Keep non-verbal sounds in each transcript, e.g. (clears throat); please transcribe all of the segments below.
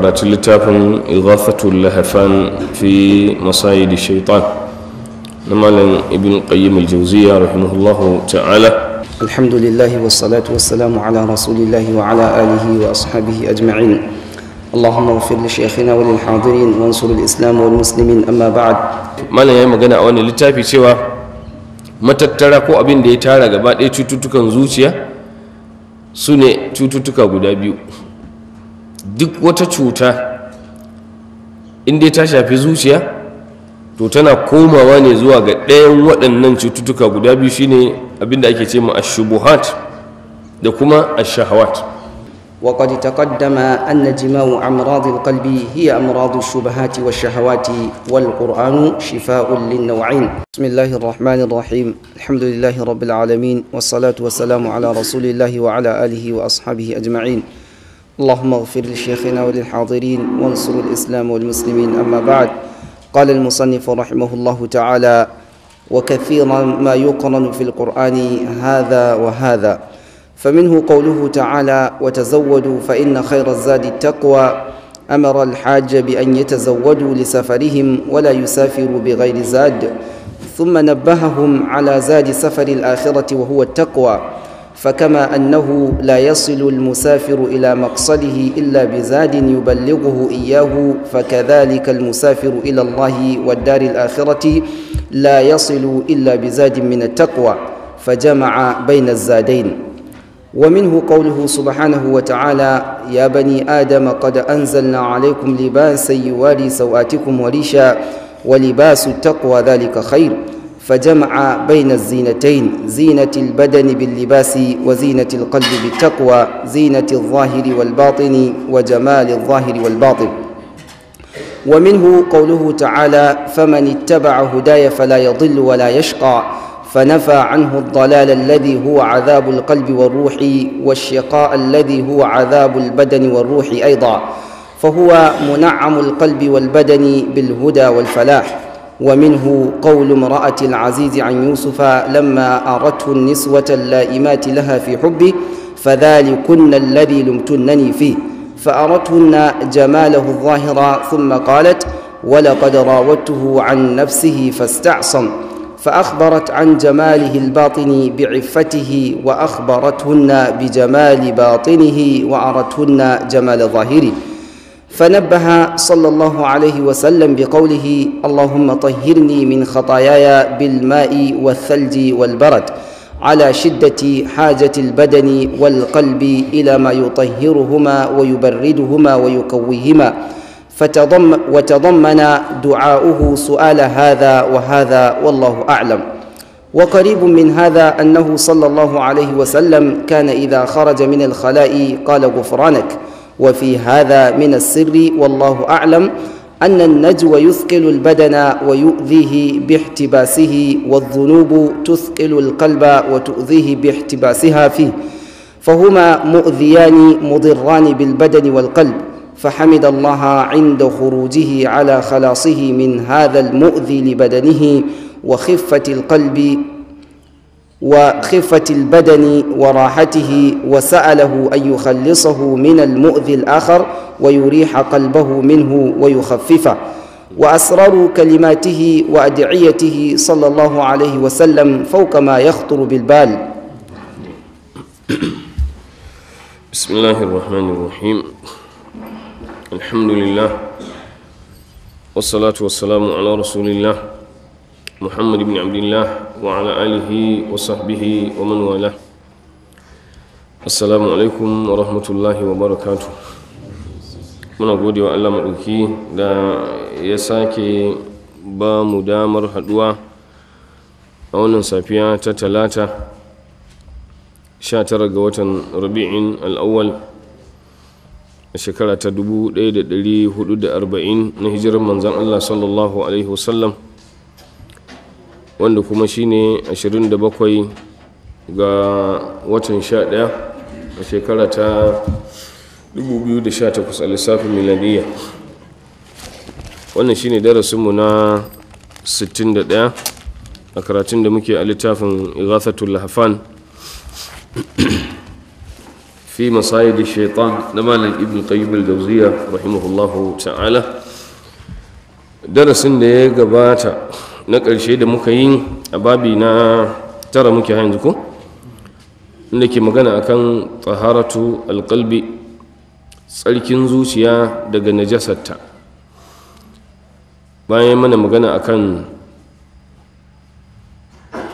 karatun littafin ighafatul lahafan fi masayidi shaitan na malin ibn qayyim al-jawziya rahimahullahu ta'ala alhamdulillahi wa salamu ala rasulillahi wa ala alihi wa ashabihi ajma'in اللهم اغفر لشيخنا وللحاضرين وانصر الاسلام والمسلمين اما بعد malam yi magana a wani littafi cewa matattara ko abin da ya tara gaba ɗaya cututtukan zuciya su ne cututtuka guda biyu duk wata cuta inda ta shafi zuciya to tana komawa ne zuwa ga ɗayan waɗannan cututtuka guda biyu shine abinda ake ce ma ashubuhat da kuma ashahawat وقد تقدم أن جماع أمراض القلب هي أمراض الشبهات والشهوات والقرآن شفاء للنوعين بسم الله الرحمن الرحيم الحمد لله رب العالمين والصلاة والسلام على رسول الله وعلى آله وأصحابه أجمعين اللهم اغفر لشيخنا وللحاضرين وانصر الإسلام والمسلمين أما بعد قال المصنف رحمه الله تعالى وكثيرا ما يقرن في القرآن هذا وهذا فمنه قوله تعالى وتزودوا فإن خير الزاد التقوى أمر الحاج بأن يتزودوا لسفرهم ولا يسافروا بغير زاد ثم نبههم على زاد سفر الآخرة وهو التقوى فكما أنه لا يصل المسافر إلى مقصده إلا بزاد يبلغه إياه فكذلك المسافر إلى الله والدار الآخرة لا يصل إلا بزاد من التقوى فجمع بين الزادين ومنه قوله سبحانه وتعالى يا بني آدم قد أنزلنا عليكم لباسا يواري سوآتكم وريشا ولباس التقوى ذلك خير فجمع بين الزينتين زينة البدن باللباس وزينة القلب بالتقوى زينة الظاهر والباطن وجمال الظاهر والباطن ومنه قوله تعالى فمن اتبع هداي فلا يضل ولا يشقى فنفى عنه الضلال الذي هو عذاب القلب والروح والشقاء الذي هو عذاب البدن والروح ايضا فهو منعم القلب والبدن بالهدى والفلاح ومنه قول امرأة العزيز عن يوسف لما أرته النسوة اللائمات لها في حبي فذلكن الذي لمتنني فيه فأرتهن جماله الظاهر ثم قالت ولقد راودته عن نفسه فاستعصم فأخبرت عن جماله الباطن بعفته وأخبرتهن بجمال باطنه وأرتهن جمال ظاهره فنبه صلى الله عليه وسلم بقوله اللهم طهرني من خطاياي بالماء والثلج والبرد على شدة حاجة البدن والقلب إلى ما يطهرهما ويبردهما ويقويهما فتضم وتضمن دعاؤه سؤال هذا وهذا والله أعلم وقريب من هذا أنه صلى الله عليه وسلم كان إذا خرج من الخلاء قال غفرانك وفي هذا من السر والله أعلم أن النجو يثقل البدن ويؤذيه باحتباسه والذنوب تثقل القلب وتؤذيه باحتباسها فيه فهما مؤذيان مضران بالبدن والقلب فحمد الله عند خروجه على خلاصه من هذا المؤذي لبدنه وخفة القلب وخفة البدن وراحته وسأله أن يخلصه من المؤذي الآخر ويريح قلبه منه ويخففه وأسرار كلماته وأدعيته صلى الله عليه وسلم فوق ما يخطر بالبال بسم الله الرحمن الرحيم الحمد لله والصلاة والسلام على رسول الله محمد بن عبد الله وعلى آله وصحبه ومن والاه assalamu alaikum wa rahmatullahi wa barakatu muna gode wa allah maɗauki da ya sake ba mu damar haɗuwa a wannan safiya ta talata 19 ga watan rabi'in al'awwal a shekara ta 1440 na hijirar manzan allah sallallahu alaihi wasallam wanda kuma shine 27 ga watan 11 a shekara ta 2018 a lissafin miladiyya wannan shine darasinmu na 61 a karatun da muke a littafin ighathatul hafan (clears throat) fi da shaitan na malin ibn qayyim dauziya rahimahullahu ta'ala darasin da ya gabata na ƙarshe da muka yi a babi na tara muke hanyar ku. inda ke magana akan tsaharatu alƙalbi tsarkin zuciya daga najasarta bayan mana magana akan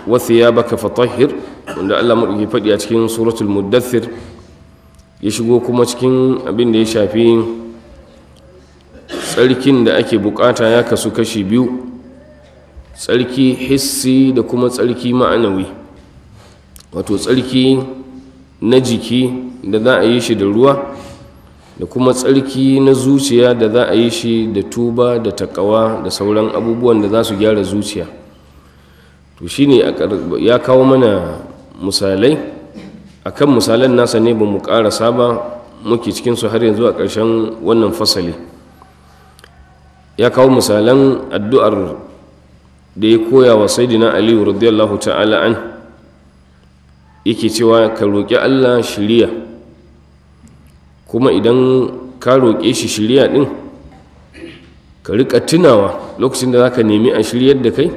wasu ya baka fatahir wanda allah maɗauki faɗi a cikin suratul muddathir ya shigo kuma cikin abin da ya shafi tsarkin da ake bukata ya kasu kashi biyu tsarki hissi da kuma tsarki ma'anawi wato tsarki na jiki da za a yi shi da ruwa da kuma tsarki na zuciya da za a yi shi da tuba da takawa da sauran abubuwan da za su gyara zuciya to shine ya kawo mana misalai akan misalan nasa ne ba mu ƙarasa ba muke cikinsu har yanzu a ƙarshen wannan fasali ya kawo misalan addu'ar da ya koya wa saidina aliyu radiyallahu ta'ala an yake cewa ka roƙi allah shiriya kuma idan ka roƙe shi shirya ɗin ka riƙa tunawa lokacin da za ka nemi a shiryar da kai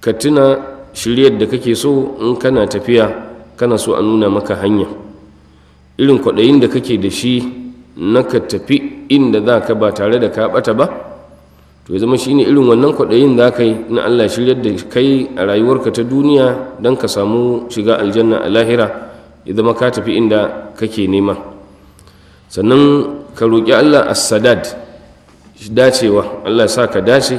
ka tuna shiryar da kake so in kana tafiya kana so a nuna maka hanya irin kwaɗayin da kake da shi na ka tafi inda za ka ba tare da ka ɓata ba to ya zama shine irin wannan kwaɗayin za ka yi na allah shiryar da kai a rayuwarka ta duniya don ka samu shiga aljanna a lahira ya zama ka tafi inda kake nema sannan ka roƙi allah a sadad dacewa allah sa ka dace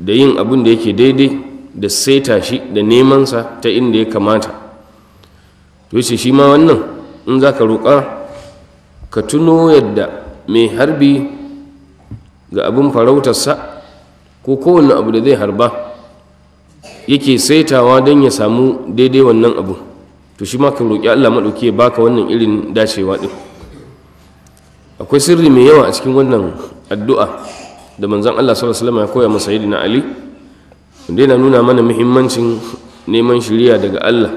da yin abin da yake daidai da saita shi da nemansa ta inda ya kamata to ce shi ma wannan in za ka roƙa ka tuno yadda mai harbi ga abin farautarsa ko kowane abu da zai harba yake saitawa don ya samu daidai wannan abu to shi ma ka roƙi Allah maɗauki ya baka wannan irin dacewa ɗin akwai sirri mai yawa a cikin wannan addu'a da manzon Allah sallallahu alaihi wasallam ya koya masa na Ali wanda yana nuna mana muhimmancin neman shirya daga Allah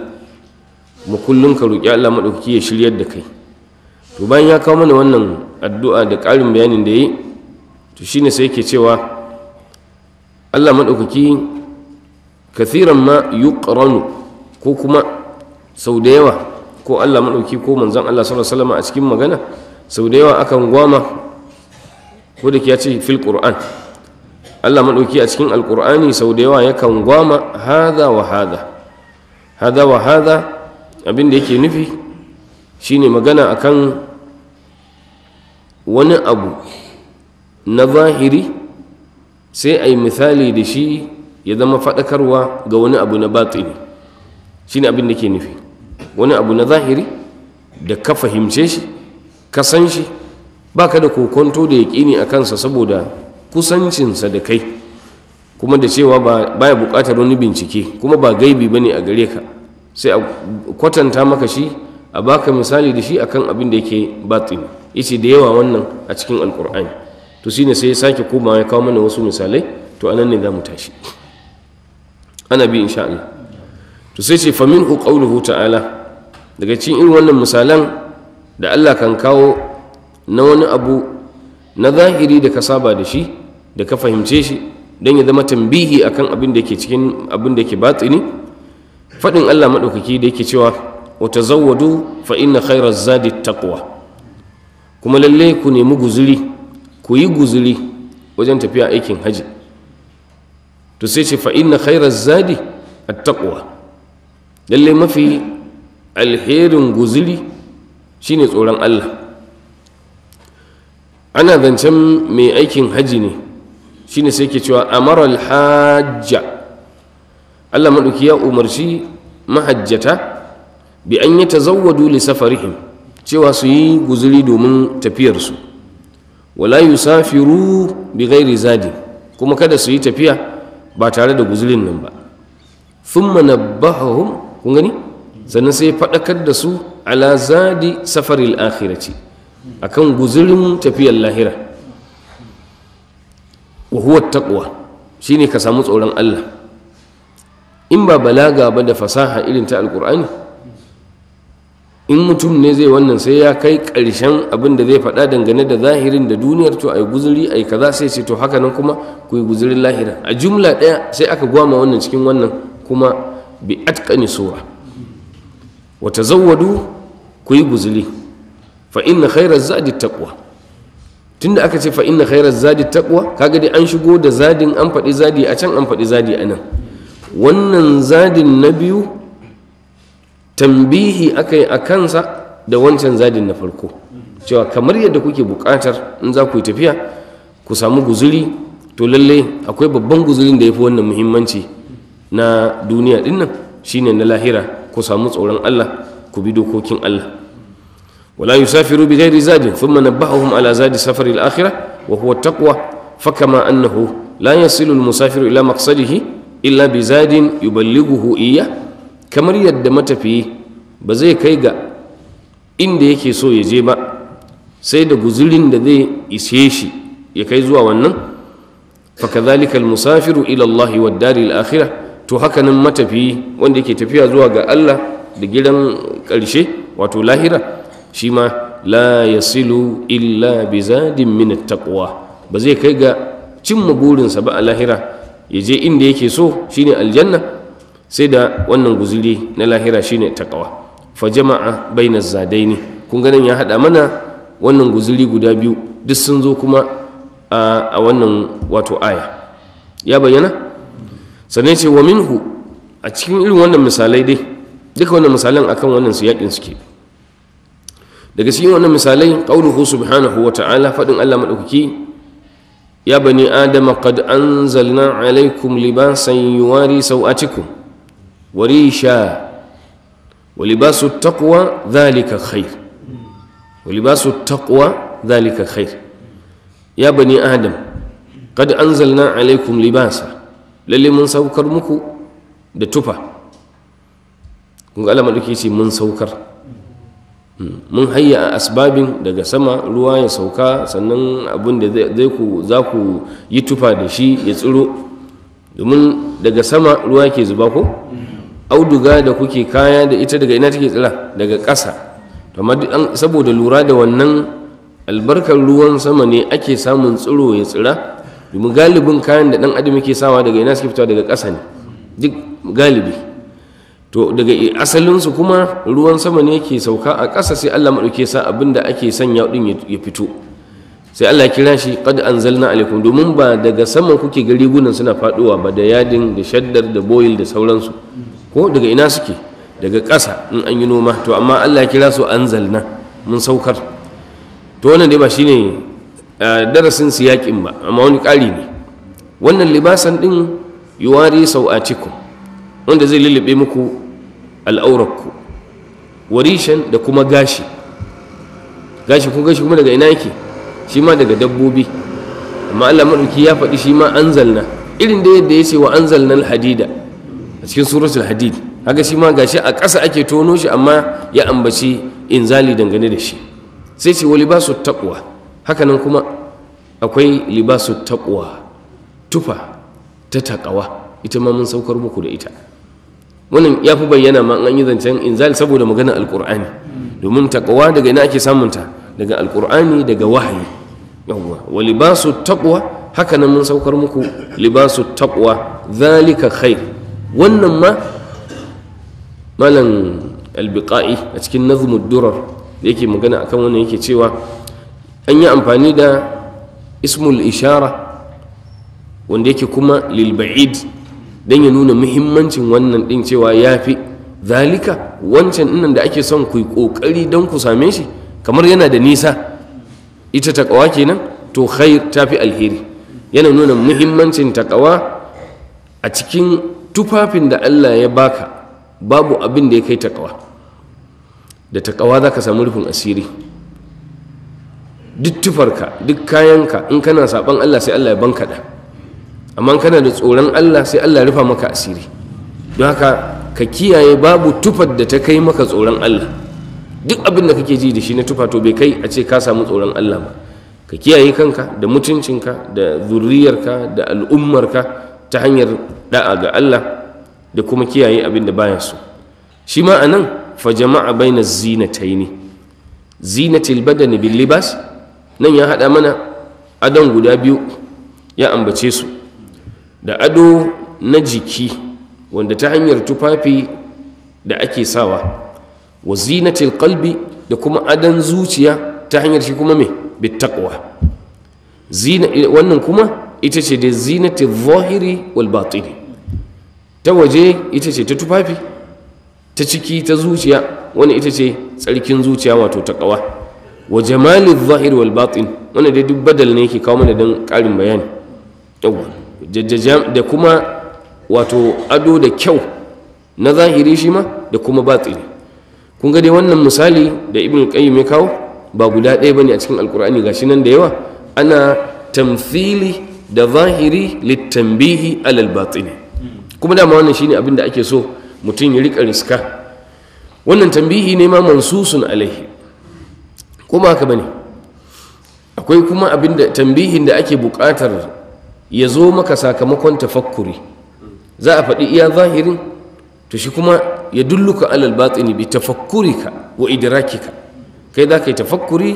mu kullum ka roƙi Allah maɗauki ya shiryar da kai to bayan ya kawo mana wannan addu'a da ƙarin bayanin da ya yi to shine sai yake cewa Allah maɗaukaki kathiran ma yuqranu ko kuma sau da yawa ko Allah maɗauki ko manzan Allah sallallahu a cikin magana sau da yawa akan gwama ko da ke ce fil qur'an Allah maɗauki a cikin alqur'ani sau da yawa yakan gwama haza wa haza haza wa haza abin da yake nufi shine magana akan wani abu na zahiri sai a yi misali da shi ya zama faɗakarwa ga wani abu na batini shi ne abin da ke nufi wani abu na zahiri da ka fahimce shi ka san shi ba ka da kokonto da ya yaƙini a kansa saboda kusancinsa da kai kuma da cewa ba ya buƙatar wani bincike kuma ba gaibi ba ne a gare ka sai a kwatanta maka shi a baka misali da shi akan abin da yake batini ice da yawa wannan a cikin alƙur'ani to shine sai ya sake koma ya kawo mana wasu misalai to anan ne za mu tashi ana bi insha Allah to sai ce hu qauluhu ta'ala daga cikin irin wannan misalan da Allah kan kawo na wani abu na zahiri da ka saba da shi da ka fahimce shi don ya zama tambihi akan abin da yake cikin abin da yake batini faɗin Allah maɗaukaki da yake cewa wa tazawwadu fa inna khayra zadi taqwa kuma lalle ku nemi guzuri ku yi guzuri wajen tafiya aikin haji to sai ce fa inna khairar zadi taƙuwa lallai mafi alherin guzuri shine tsoron Allah ana zancen mai aikin haji ne shine sai ke cewa amara alhajja Allah maɗauki ya umarci mahajjata bi an yi tazawwadu safarihim cewa su yi guzuri domin tafiyarsu wala yusafiru bi ghairi zadi kuma kada su yi tafiya ba tare da guzulin nan ba thumma nabbahum kun gani sannan sai faɗakar da su ala zadi safaril akhirati akan guzulin tafiyar lahira wa huwa taqwa shine ka samu tsoron Allah in ba balaga ba da fasaha irin ta alqur'ani in mutum ne zai wannan sai ya kai ƙarshen abin da zai faɗa dangane da zahirin da duniyar to ai guzuri ai kaza sai ce to haka nan kuma ku yi guzurin lahira a jumla ɗaya sai aka gwama wannan cikin wannan kuma bi atqani sura wa tazawwadu ku yi guzuri fa inna khairaz zadi taqwa tunda aka ce fa inna khairaz zadi taqwa kaga dai an shigo da zadin an faɗi zadi a can an faɗi zadi a nan wannan zadin na biyu tambihi aka yi a kansa da wancan zadin na farko cewa kamar yadda kuke buƙatar in za ku yi tafiya ku samu guzuri to lalle akwai babban guzurin da ya fi wannan muhimmanci na duniya ɗin nan shine na lahira ku samu tsoron allah ku bi dokokin allah wala yusafiru bi ghairi zadin thumma nabbahum ala zadi safari al-akhirah wa huwa taqwa fakama annahu la yasilu al-musafiru ila maqsadihi illa bi zadin yuballighuhu iyyah kamar yadda matafiyi ba zai kai ga inda yake so ya je ba sai da guzurin da zai ishe shi ya kai zuwa wannan fakadhalika musafiru ilallahi Allah wa to haka nan matafiyi wanda yake tafiya zuwa ga Allah da gidan ƙarshe wato lahira shi ma la silu illa bi zadin min taqwa ba zai kai ga cimma burinsa ba a lahira ya je inda yake so shine aljanna sai da wannan guzuri na lahira shine takawa fa jama'a baina zadaini kun ganin ya hada mana wannan guzuri guda biyu duk sun zo kuma a wannan wato aya ya bayyana sannan ce wa minhu a cikin irin wannan misalai dai duka wannan misalan akan wannan su yakin suke daga cikin wannan misalai qauluhu subhanahu wa ta'ala fadin Allah madaukaki ya bani adama qad anzalna alaikum libasan yuwari sau'atikum warisha ولباس التقوى ذلك خير ولباس التقوى ذلك خير يا بني آدم قد أنزلنا عليكم لباسا للي من سوكر مكو دتوبا قال ما دكيسي من سوكر mun hayya a asbabin daga sama ruwa ya sauka sannan abinda da yi tufa da shi ya tsiro domin daga sama ruwa yake zuba ko auduga da kuke kaya da ita daga ina take tsira daga ƙasa saboda lura da wannan albarkar ruwan sama ne ake samun tsiro ya tsira domin galibin kayan da ɗan adam yake sawa daga ina suke fitowa daga ƙasa ne duk galibi to daga asalinsu kuma ruwan sama ne yake sauka a ƙasa sai allah maɗauke sa abin da ake sanya ɗin ya fito sai allah kira shi qad anzalna alaikum domin ba daga sama kuke ga rigunan suna faɗowa ba da yadin da shaddar da boil da sauransu ko daga ina suke daga ƙasa in an yi noma to amma allah ya kira su anzalna mun saukar to wannan dai ba shine darasin yaƙin ba amma wani ƙari ne wannan libasan ɗin yuwari cikin, wanda zai lullube muku al'aurarku warishan da kuma gashi gashi ko gashi kuma daga ina yake shi ma daga dabbobi amma Allah maɗauki ya faɗi shi ma anzalna irin da yadda ya ce wa anzalna hadida cikin suratul hadid haka shi ma gashi a ƙasa ake tono shi amma ya ambaci inzali dangane da shi sai ce wa libasu taqwa hakanan kuma akwai libasu taqwa tufa ta taqwa ita ma mun saukar muku da ita wannan ya fi bayyana ma an yi zancen inzali saboda maganar alqur'ani domin taqwa daga ina ake samun ta daga alqur'ani daga wahayi yawwa wa libasu taqwa hakanan mun saukar muku libasu taqwa zalika khair wannan ma malam albiqa'i a cikin nazmud durar da yake magana akan wannan yake cewa an yi amfani da ismul ishara wanda yake kuma lilba'id don ya nuna muhimmancin wannan din cewa ya fi zalika wancan innan da ake son ku yi ƙoƙari don ku same shi kamar yana da nisa ita ƙawa kenan to khair ta fi alheri yana nuna muhimmancin ƙawa a cikin tufafin da Allah ya baka babu abin da ya kai takawa da takawa za ka samu rufin asiri duk tufarka duk kayanka in kana saban Allah sai Allah ya kaɗa amma kana da tsoron Allah sai Allah ya rufa maka asiri don haka ka kiyaye babu tufar da ta kai maka tsoron Allah duk abin da kake ji da shi na tufa to bai kai a ce ka samu tsoron Allah ba ka kiyaye kanka da mutuncinka da zuriyarka da al'ummarka ta hanyar da'a ga Allah da kuma kiyaye abin da baya su, shi ma anan fa jama'a baina zinataini zinatil badani bil libas nan ya haɗa mana adon guda biyu ya ambace su da ado na jiki wanda ta hanyar tufafi da ake sawa wa zinatil qalbi da kuma adon zuciya ta hanyar shi kuma me bittaqwa zina wannan kuma ita ce da zinatil zahiri wal batini ta waje ita ce ta tufafi ta ciki ta zuciya wani ita ce tsarkin zuciya wato ta ƙawa wa jamalin zahir wal batin wani dai duk badal ne yake kawo mana don ƙarin bayani da kuma wato ado da kyau na zahiri shi ma da kuma batini kun ga dai wannan misali da ibn qayyim ya kawo ba guda ɗaya bane a cikin alkur'ani gashi nan da yawa ana tamthili da zahiri litanbihi alal batini kuma dama wannan shine abin da ake so mutum ya rika riska wannan tambihi ne ma mansusun alaihi kuma haka bane akwai kuma abin da tambihin da ake buƙatar ya zo maka sakamakon tafakkuri za a faɗi iya zahirin to shi kuma ya dulluka alal batini bi tafakkurika wa idrakika kai za ka yi tafakkuri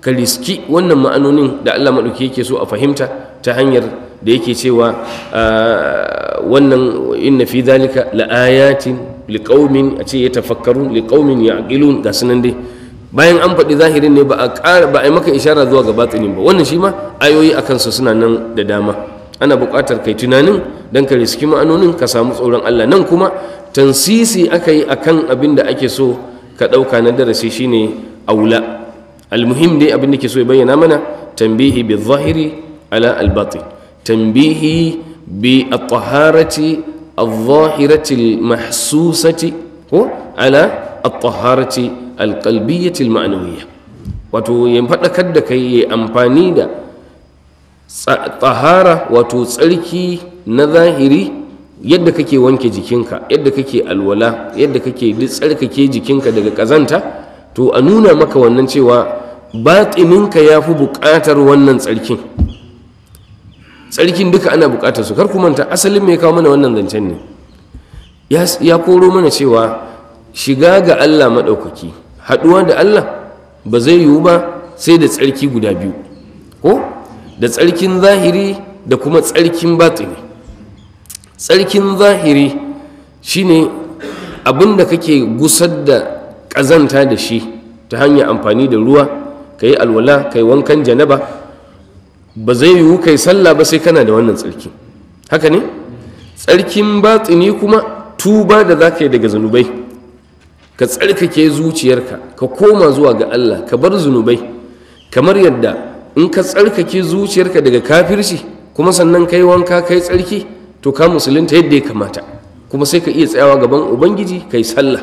ka riski wannan ma'anonin da Allah maɗauki yake so a fahimta ta hanyar da yake cewa ah, wannan inna fi zalika la'ayatin liqaumin a ce ya tafakkaru liqaumin yaqilun ga sunan dai bayan an faɗi zahirin ne ba a ƙara ba a yi maka ishara zuwa ga batsinin ba wannan shi ma ayoyi a kansu suna nan da dama ana buƙatar kai tunanin don ka riski ma'anonin ka samu tsoron Allah nan kuma tansisi aka yi akan abin da ake so ka ɗauka na darasi shine aula almuhim dai abin da ke so ya bayyana mana tambihi bi zahiri ala albatin tambihi bi at-taharati الظاهرة المحسوسة على الطهارة القلبية المعنوية wato ya faɗakar da kai ya amfani da tsahara wato tsarki na zahiri yadda kake wanke jikinka yadda kake alwala yadda kake tsarkake jikinka daga ƙazanta to a nuna maka wannan cewa batininka ya fi buƙatar wannan tsarkin tsarkin duka ana bukatar su kar kuma manta asalin mai kawo mana wannan zancen ne ya koro mana cewa shiga ga Allah maɗaukaki haɗuwa da Allah ba zai yiwu ba sai da tsarki guda biyu ko da tsarkin zahiri da kuma tsarkin batini tsarkin zahiri shine abin da kake gusar da ƙazanta da shi ta hanyar amfani da ruwa ka yi alwala ka yi wankan janaba ba zai yiwu kai sallah ba sai kana da wannan tsarki haka ne tsarkin batsini kuma tuba da za ka yi daga zunubai ka tsarkake zuciyarka ka koma zuwa ga Allah ka bar zunubai kamar yadda in ka tsarkake zuciyarka daga kafirci kuma sannan kai wanka kai tsarki to ka musulunta yadda ya kamata kuma sai ka iya tsayawa gaban ubangiji kai sallah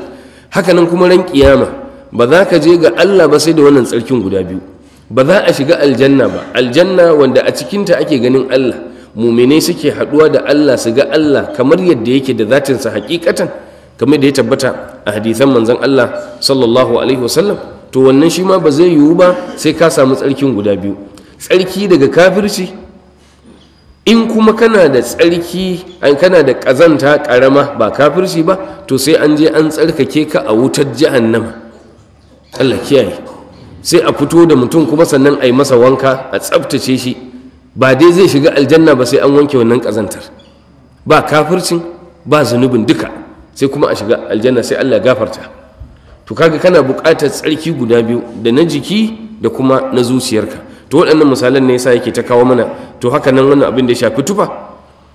Haka nan kuma ran kiyama ba za ka je ga Allah ba sai da wannan tsarkin guda biyu ba za a shiga aljanna ba aljanna wanda a cikinta ake ganin Allah mumine suke haɗuwa da Allah su ga Allah kamar yadda yake da zatinsa hakikatan kamar da ya tabbata a hadisan manzon Allah sallallahu alaihi wasallam to wannan shi ma ba zai yiwu ba sai ka samu tsarkin guda biyu tsarki daga kafirci in kuma kana da tsarki kana da ƙazanta karama ba kafirci ba to sai an je an tsarkake ka a wutar jahannama Allah kiyaye sai a fito da mutum kuma sannan a yi masa wanka a tsabtace shi ba dai zai shiga aljanna ba sai an wanke wannan ƙazantar ba kafircin ba zunubin duka sai kuma a shiga aljanna sai allah gafarta to kaga kana buƙatar tsarki guda biyu da na jiki da kuma na zuciyarka to waɗannan misalan ne yasa yake ta kawo mana to haka nan wannan abin da ya shafi tufa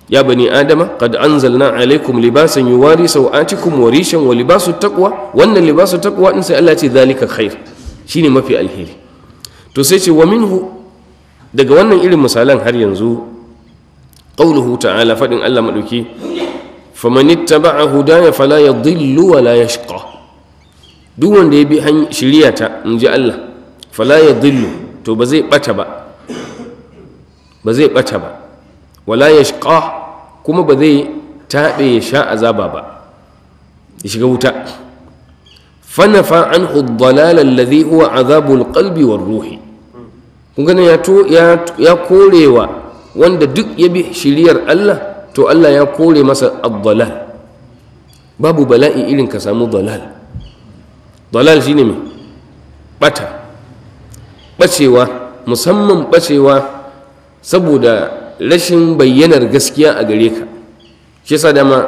ya bani adama qad anzalna alaikum libasan yuwari sawatikum wa rishan wa libasu taqwa wannan libasu taqwa in sai Allah ce zalika khair ne mafi alheri to sai ce wa minhu daga wannan irin misalan har yanzu qauluhu ta'ala fadin Allah madauki faman huda hudaya fala yadhillu wa la yashqa duk wanda ya bi shiriyata in ji Allah fala yadhillu to ba zai bata ba ba zai bata ba wala yashqa kuma ba zai taɓe ya sha azaba ba ya shiga wuta fanafa anhu ad-dalal alladhi huwa azabul qalbi war ruhi kun ya to ya korewa wanda duk ya bi shiriyar Allah to Allah ya kore masa ad-dalal babu bala'i irin ka samu dalal dalal shine mai bata bacewa musamman bacewa saboda rashin bayyanar gaskiya a gare ka shi dama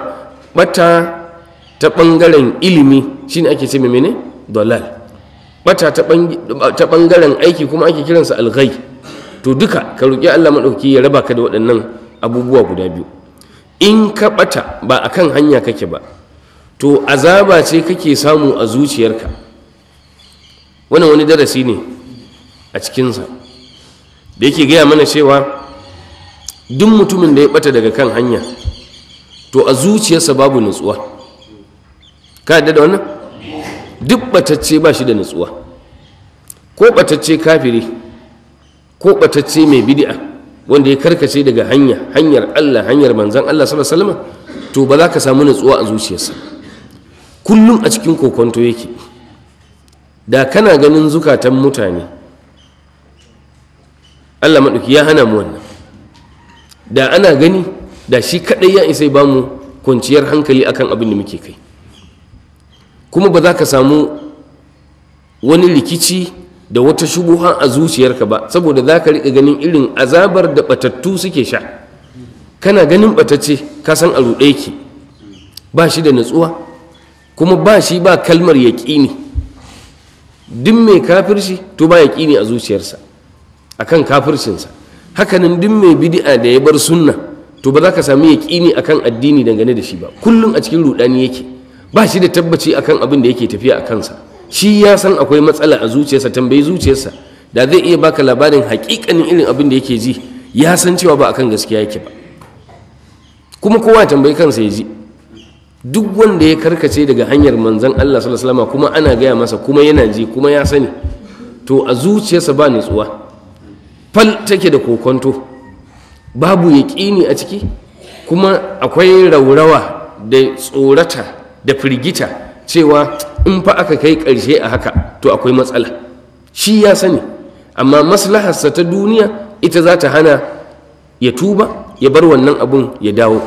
bata ta ɓangaren ilimi ne ake ce mene dalal bata ta bangaren aiki kuma ake kiransa alghai to duka ka roƙi Allah maɗauki ya raba ka da waɗannan abubuwa guda biyu in ka bata ba akan hanya kake ba to azaba ce kake samu a zuciyarka wannan wani darasi ne a cikinsa da yake gaya mana cewa duk mutumin da ya bata daga kan hanya to a zuciyarsa babu nutsuwa ka yadda da wannan duk batacce ba shi da nutsuwa ko batacce kafiri ko batacce mai bidi'a, wanda ya karkace daga hanya hanyar Allah hanyar manzan Allah sallallahu alaihi to ba za ka samu nutsuwa a zuciyarsa kullum a cikin kokonto yake da kana ganin zukatan mutane Allah maɗauki ya hana mu wannan da ana gani da shi kaɗai ya isa ba mu kwanciyar hankali akan abin da muke kai kuma ba za ka samu wani rikici da wata shubuha a zuciyarka ba saboda za ka riƙa ganin irin azabar da batattu suke sha kana ganin batacce ka san a ruɗe yake ba shi da natsuwa kuma ba shi ba kalmar yaƙini duk mai kafirci to ba ne a zuciyarsa a kan kafircinsa hakanan duk mai bidi'a da ya bar sunna to ba za ka sami a kan addini dangane da shi ba kullum a cikin ruɗani yake ba shi da tabbaci akan abin da yake tafiya a kansa shi ya san akwai matsala a zuciyarsa tambayi zuciyarsa da zai iya baka labarin hakikanin irin abin da yake ji ya san cewa ba a kan gaskiya yake ba kuma kowa ya tambayi kansa ya ji duk wanda ya karkace daga hanyar manzan Allah sallallahu kuma ana gaya masa kuma yana ji kuma ya sani to a zuciyarsa ba nutsuwa fal take da kokonto babu yaƙini a ciki kuma akwai raurawa da tsorata da firgita cewa in fa aka kai ƙarshe a haka to akwai matsala shi ya sani amma maslaharsa ta duniya ita za ta hana ya tuba ya bar wannan abun ya dawo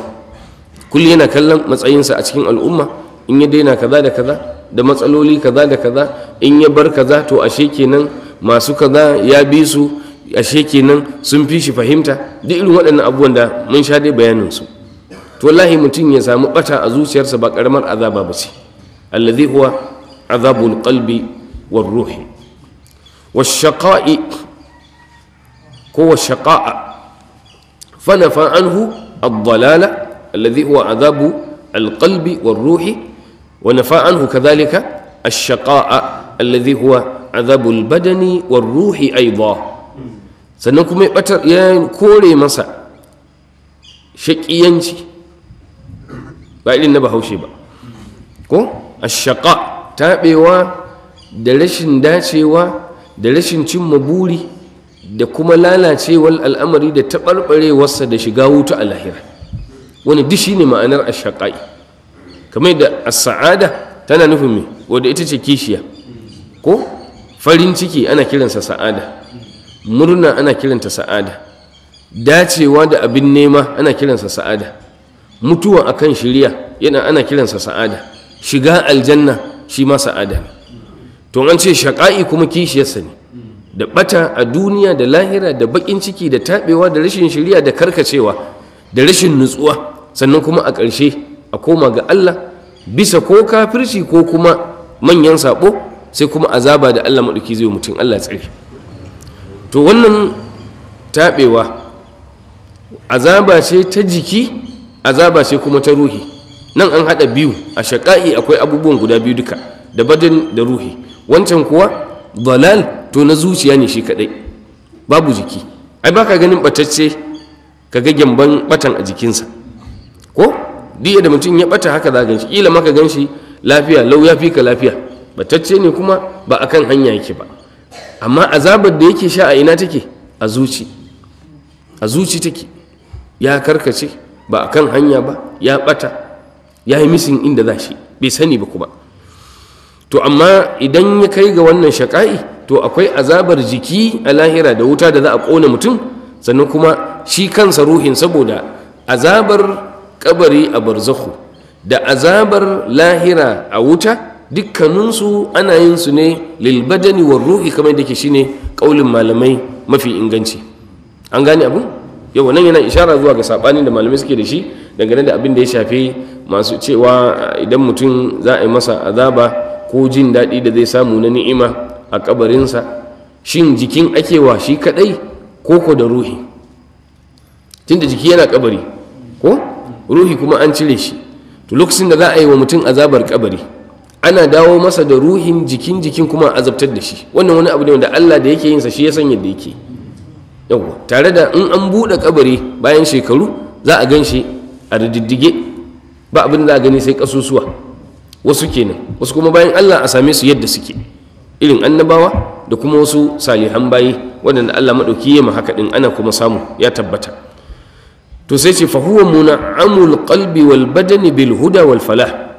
kullum yana kallon matsayinsa a cikin al'umma in ya daina kaza da kaza da matsaloli kaza da kaza in ya bar kaza to ashe kenan masu kaza ya bi su ashe kenan sun fi shi fahimta duk irin waɗannan abubuwan da mun sha dai bayaninsu to wallahi mutum ya samu bata a zuciyarsa ba karamar azaba ba ce allazi huwa azabul qalbi war ruhi washaqa'i ko washaqa'a fanafa anhu ad-dalala alladhi huwa azabu al-qalbi war-ruhi wa nafa anhu kadhalika ash-shaqa'a alladhi huwa azabu al-badani war-ruhi aidan sannan kuma ya kore masa shaqiyanci ba irin na bahaushe ba ko ashaqa taɓewa da rashin dacewa da rashin cimma buri da kuma lalacewar al'amari da taɓarɓarewarsa da shiga wuta a lahira wani duk shi ne ma'anar ashaƙa'i kamar da a saada tana nufin me wadda ita ce kishiya ko farin ciki ana kiransa sa'ada murna ana kiranta sa'ada dacewa da abin nema ana kiransa sa'ada mutuwa akan shiriya yana ana kiransa sa'ada shiga aljanna shi ma sa'ada ne to an ce shaƙa'i kuma kishiyarsa ne da ɓata a duniya da lahira da baƙin ciki da taɓewa da rashin shiriya da karkacewa da rashin nutsuwa sannan kuma a ƙarshe a koma ga Allah bisa ko kafirci ko kuma manyan saɓo sai kuma azaba da Allah maɗauki zai mutum Allah tsari to wannan taɓewa azaba ce ta jiki azaba sai kuma ta ruhi nan an haɗa biyu a shakai akwai abubuwan guda biyu duka da badin da ruhi wancan kuwa dalal to na zuciya ne shi kaɗai babu jiki ai baka ganin batacce ka ga gyamban batan a jikinsa ko duk da mutum ya bata haka za gan shi kila maka gan shi lafiya lau ya fi ka lafiya batacce ne kuma ba akan hanya yake ba amma azabar da yake sha a ina take a zuci a zuci take ya karkace ba a kan hanya ba ya ɓata ya yi misin inda za shi bai sani ba kuma to amma idan ya kai ga wannan shaƙa'i to akwai azabar jiki a lahira da wuta da za a ƙona mutum sannan kuma shi kansa ruhin saboda azabar ƙabari a barzahu da azabar lahira a wuta dukkaninsu ana yin su ne lilbadani wa ruhi kamar da ke shine ƙaulin malamai mafi inganci an gane abu yau nan yana ishara zuwa ga sabani da malamai suke da shi dangane da abin da ya shafi masu cewa idan mutum za a yi masa azaba ko jin daɗi da zai samu na ni'ima a kabarinsa shin jikin ake wa shi kaɗai ko ko da ruhi tunda jiki yana kabari ko ruhi kuma an cire shi to lokacin da za a yi wa mutum azabar kabari ana dawo masa da ruhin jikin jikin kuma azabtar da shi wannan wani abu ne wanda Allah da yake yin sa shi ya san yadda yake yau tare da in an buɗe kabari bayan shekaru za a gan shi a diddige ba abin da a gani sai kasusuwa wasu kenan wasu kuma bayan allah a same su yadda suke irin annabawa da kuma wasu salihan bayi waɗanda allah maɗauki yema haka ɗin ana kuma samu ya tabbata to sai ce fahuwa muna amul qalbi wal badani bil huda wal falah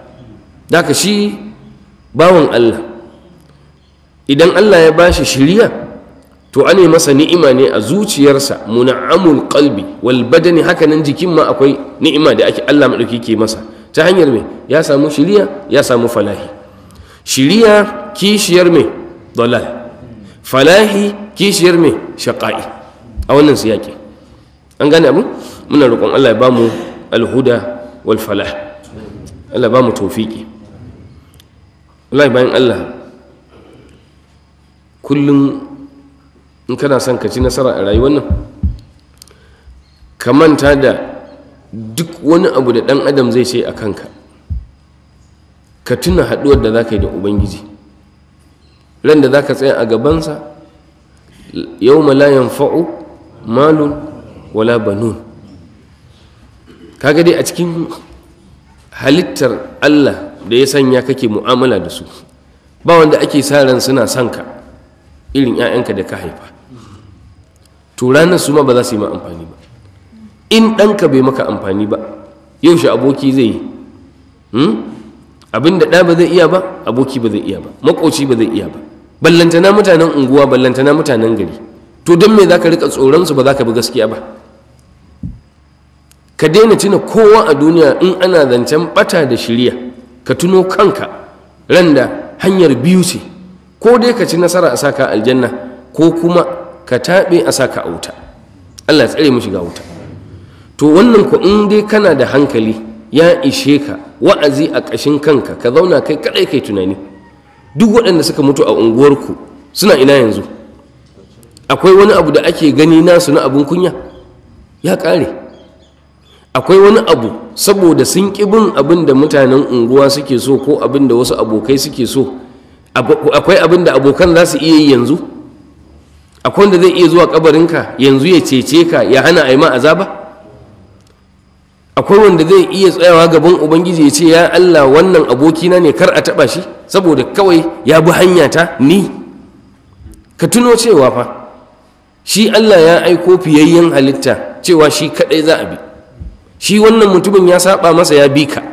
daka shi bawan allah idan allah ya ba shi shirya to ane masa ni'ima ne a zuciyarsa muna'amul qalbi wal badani hakanan jikin ma akwai ni'ima da ake Allah madauki ke masa ta hanyar me ya samu shiriya ya samu falahi shiriya kishiyar me dalal falahi kishiyar me shaqa'i a wannan siyaki an gane abu muna roƙon Allah ya bamu alhuda wal falah Allah ya bamu tawfiki wallahi bayan Allah kullum in kana son ka ci nasara a rayuwar nan ka manta da duk wani abu da ɗan adam zai ce a kanka ka tuna haɗuwar da za ka yi da ubangiji ran da za ka tsaya a gabansa yau malayan fa'u malun wala banun kaga dai a cikin halittar allah da ya sanya kake mu'amala da su ba wanda ake sa ran suna sanka irin 'ya'yanka da ka haifa to ranar su ma ba za su yi ma amfani ba in ɗanka bai maka amfani ba yaushe aboki zai yi hmm? abinda ɗa ba zai iya ba aboki ba zai iya ba makoci ba zai iya ba ballantana mutanen unguwa ballantana mutanen gari to don me za ka rika tsoronsu ba za ka bi gaskiya ba ka daina tuna kowa a duniya in ana zancen bata da shirya ka tuno kanka ran da hanyar biyu ce ko dai ka ci nasara a saka aljanna ko kuma ka taɓe a saka a wuta allah tsare mu shiga wuta to wannan ku in dai kana da hankali ya ishe ka wa'azi a ƙashin kanka ka zauna kai kaɗai kai tunani duk waɗanda suka mutu a unguwarku suna ina yanzu akwai wani abu da ake gani nasu na abin kunya ya ƙare akwai wani abu saboda sun ƙi bin abin da mutanen unguwa suke so ko abin da wasu abokai suke so akwai abin da abokan za su iya yi yanzu akwai wanda zai iya zuwa kabarinka yanzu ya cece ka ya hana a yi ma azaba akwai wanda zai iya tsayawa gaban ubangiji ya ce ya allah wannan abokina ne kar a taba shi saboda kawai ya bi hanya ta ni ka tuno cewa fa shi allah ya aiko fiyayyen halitta cewa shi kadai za a bi shi wannan mutumin ya saba masa ya bi ka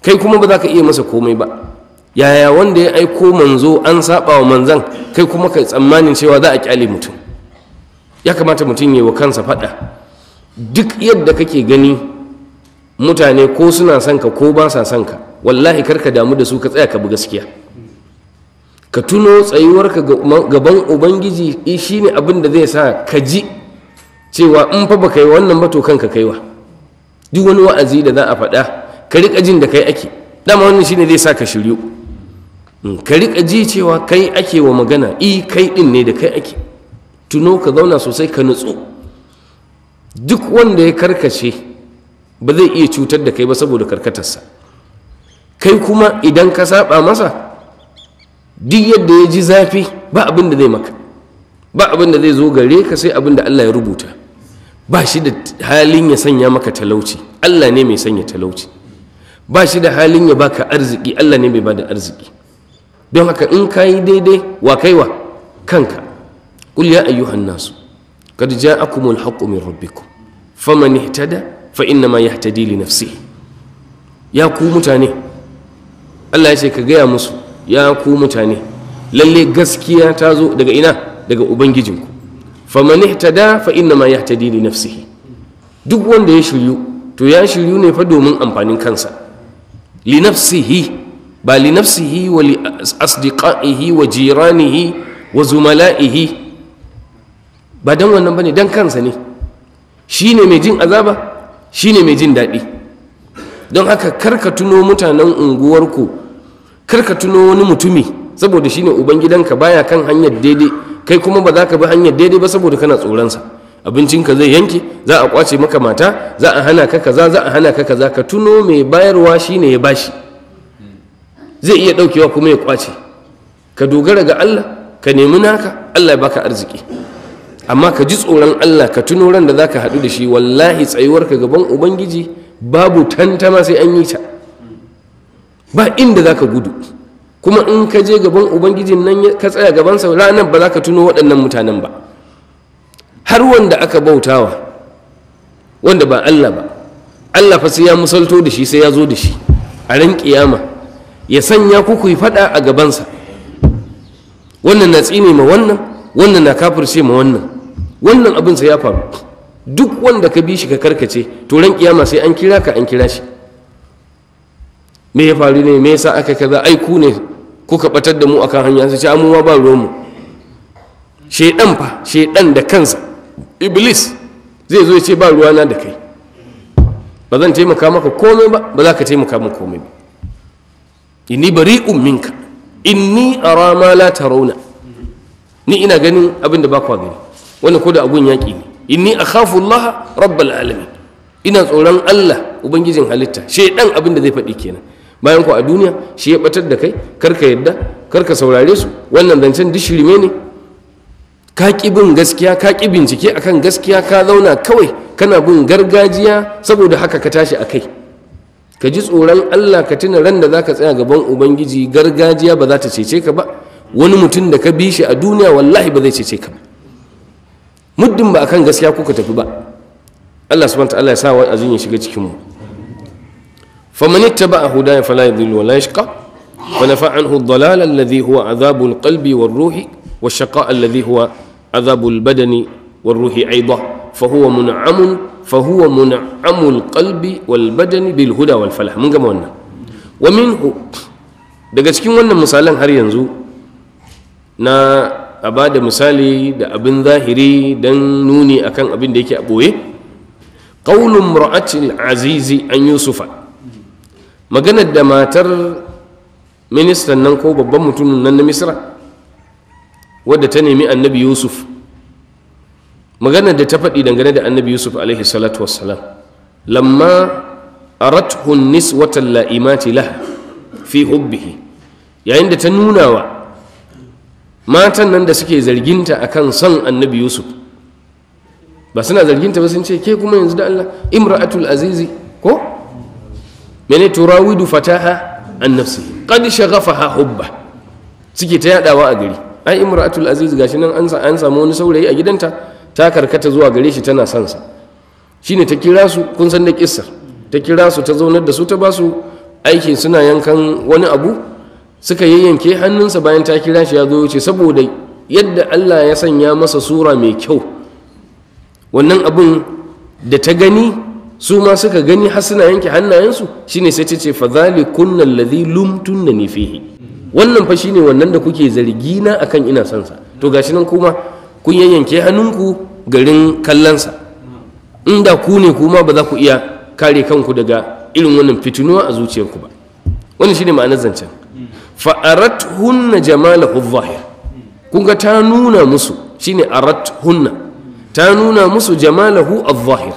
kai kuma ba za ka iya masa komai ba yaya wanda ya aiko manzo an saba wa manzan kai kuma kai tsammanin cewa za a kyale mutum ya kamata mutum yi wa kansa faɗa duk yadda kake gani mutane ko suna son ka ko ba sa son ka wallahi karka damu da su ka tsaya ka bi gaskiya ka tuno tsayuwar ka gaban ubangiji eh, shi ne abin da zai sa ka ji cewa in fa baka yi wannan ba to kanka kaiwa duk wani wa'azi da za a faɗa ka rika jin da kai ake dama wannan shine zai sa ka shiryu Hmm, ka riƙa ji cewa kai ake wa magana i e, kai ɗin ne da kai ake tuno ka zauna sosai ka nutsu duk wanda ya karkace ba zai iya cutar da kai ba saboda karkatarsa kai kuma idan ka saba masa duk yadda ya ji zafi ba abin da zai maka ba abin da zai zo gare ka sai abin da Allah ya rubuta ba shi da halin ya sanya maka talauci Allah ne mai sanya talauci ba shi da halin ya baka arziki Allah ne mai bada arziki don haka in ka yi daidai wa kaiwa kanka qul ya ayyuhan nas ja ja'akumul haqqu min rabbikum faman ihtada fa ma ya yahtadi li nafsi ya ku mutane Allah ya ce ka gaya musu ya ku mutane lalle gaskiya ta zo daga ina daga ubangijinku faman ihtada fa ma ya yahtadi li nafsi duk wanda ya shiryu to ya shiryu ne fa domin amfanin kansa li nafsihi ba li nafsihi wa li asdiqaihi wa jiranihi wa zumala'ihi ba dan wannan bane dan kansa ne shine mai jin azaba shine mai jin daɗi don haka karka tuno mutanen unguwarku karka tuno wani mutumi saboda shine ubangidanka baya kan hanyar daidai kai kuma ba za ka bi hanyar daidai ba saboda kana tsoronsa ka zai yanke za a kwace maka mata za a hana ka kaza za a hana ka kaza ka tuno mai bayarwa shine ya bashi zai iya ɗaukewa kuma ya kwace ka dogara ga Allah ka nemi naka Allah ya baka arziki amma ka ji tsoron Allah ka tuno ran da zaka haɗu da shi wallahi tsayuwarka gaban ubangiji babu tantama sai an yi ta ba inda zaka gudu kuma in ka je gaban ubangijin nan ka tsaya gabansa ranan ba za ka tuno waɗannan mutanen ba har wanda aka bautawa wanda ba Allah ba Allah fa sai ya musalto da shi sai ya zo da shi a ran kiyama ya sanya ku ku yi faɗa a gabansa wannan na tsine ma wannan wannan na kafirce ma wannan wannan abin ya faru duk wanda ka bi shi ka karkace to ran kiyama sai an kira ka an kira shi me ya faru ne me yasa aka kaza ai ku ne kuka batar da mu akan hanya sai ce mu ba ba ruwanmu shedan fa shedan da kansa iblis zai zo ya ce ba ruwana da kai ba zan taimaka maka komai ba ba za ka taimaka maka komai ba inni bari minka inni ara ma la tarawna ni ina ganin abin da ba kwa gani wannan ko da abun yaƙi ne inni akhafu Allah rabbal alamin ina tsoron Allah ubangijin halitta shedan abin da zai faɗi kenan bayan ku a duniya shi ya batar da kai karka yadda karka saurare su wannan zancen duk shirme ne ka ƙi bin gaskiya ka ƙi bincike akan gaskiya ka zauna kawai kana bin gargajiya saboda haka ka tashi a kai كجزء ران الله كتنا ران ذا كتنا جبون وبنجي جرجاجيا بذات تشيكا با ونمتن ذا كبيش الدنيا والله بذات تشيكا مدن با كان جسيا كوكتب با الله سبحانه الله سوا أزيني شقتش كم فمن اتبع هداه فلا يضل ولا يشقى ونفع عنه الضلال الذي هو عذاب القلب والروح والشقاء الذي هو عذاب البدن والروح أيضا fahuwa mun'amun fahuwa mun'amul qalbi wal badani bil huda wal mun gama wannan wa daga cikin wannan misalan har yanzu na a ba da misali da abin zahiri don nuni akan abin da yake a Ƙaulun ƙaunin ra'acin azizi an yusufa maganar da matar ministan nan ko babban mutumin nan na misra wadda ta nemi annabi yusuf maganar da ta faɗi dangane da annabi yusuf alaihi salatu wassalam lamma arathu watan la'imati laha fi hubbihi yayin da ta nuna wa matan nan da suke zarginta akan son annabi yusuf ba suna zarginta ba sun ce ke kuma yanzu da Allah imra'atul azizi ko mene turawidu fataha an nafsi qad shaghafaha hubba suke ta yadawa a gari ai imra'atul azizi gashi nan an samu wani saurayi a gidanta ta karkata zuwa gare shi tana sansa Shi ne ta kira su kun san da kissar ta kira su ta zaunar da su ta ba su aikin suna yankan wani abu suka yayyanke hannunsa bayan ta kira shi ya zo wuce saboda yadda Allah ya sanya masa sura mai kyau wannan abun da ta gani su ma suka gani har suna yanke hannayensu shine sai ta ce fa zalikunna alladhi lumtunna fihi wannan fa shine wannan da kuke zargi na akan ina sansa to gashi nan kuma kun yayyanke hannunku garin kallonsa inda ku ne kuma ba za ku iya kare kanku daga irin wannan fitinuwa a zuciyarku ba Wani shi ne ma'anar zancen fa'arat hunna jamala zahir kun ga ta nuna musu shi ne arat hunna ta nuna musu jamalahu az-zahir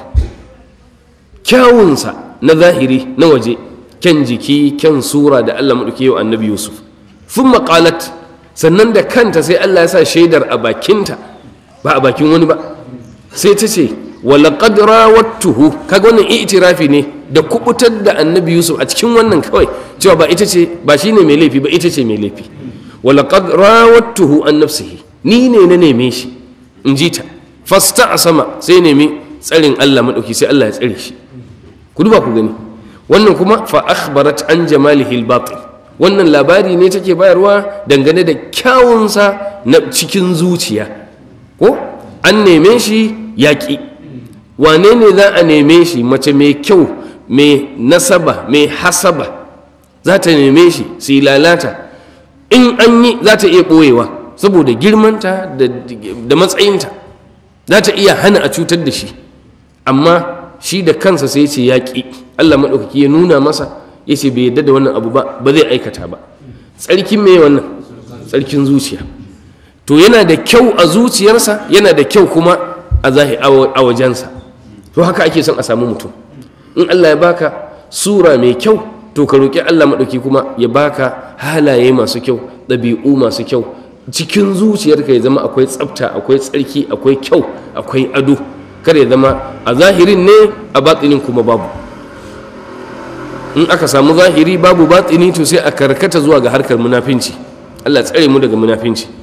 kyawunsa na zahiri na waje kyan jiki kyan sura da Allah maɗauke yau annabi Yusuf Sun maƙalat sannan da kanta sai Allah ya sa shaidar a bakinta ba a bakin wani ba sai ta ce walaƙad rawattuhu kaga wannan i'tirafi ne da kubutar da annabi yusuf a cikin wannan kawai cewa ba ita ce ba shine mai laifi ba ita ce mai laifi walaƙad rawattuhu an nafsihi ni ne na neme shi in ji ta fasta a sama sai nemi tsarin allah maɗauki sai allah ya tsare shi ku duba ku gani wannan kuma fa akhbarat an jamalihi al wannan labari ne take bayarwa dangane da kyawunsa na cikin zuciya ko an neme shi yaƙi wane ne za a neme shi mace mai kyau mai nasaba mai hasaba za ta neme shi su lalata in an yi za ta iya ɓoyewa saboda girmanta da matsayinta za ta iya hana a cutar da shi amma shi da kansa sai ce yaƙi allah maɗaukaki ya nuna masa ya ce bai yadda da wannan abu ba ba zai aikata ba tsarkin me wannan tsarkin zuciya to yana da kyau a zuciyarsa yana da kyau kuma a a wajensa to haka ake son a samu mutum in Allah ya baka sura mai kyau to ka roƙi Allah maɗauki kuma ya baka halaye masu kyau ɗabi'u masu kyau cikin zuciyarka ya zama akwai tsafta akwai tsarki akwai kyau akwai ado kar ya zama a zahirin ne a batsinin kuma babu in aka samu zahiri babu batsini to sai a karkata zuwa ga harkar munafinci Allah tsare mu daga munafinci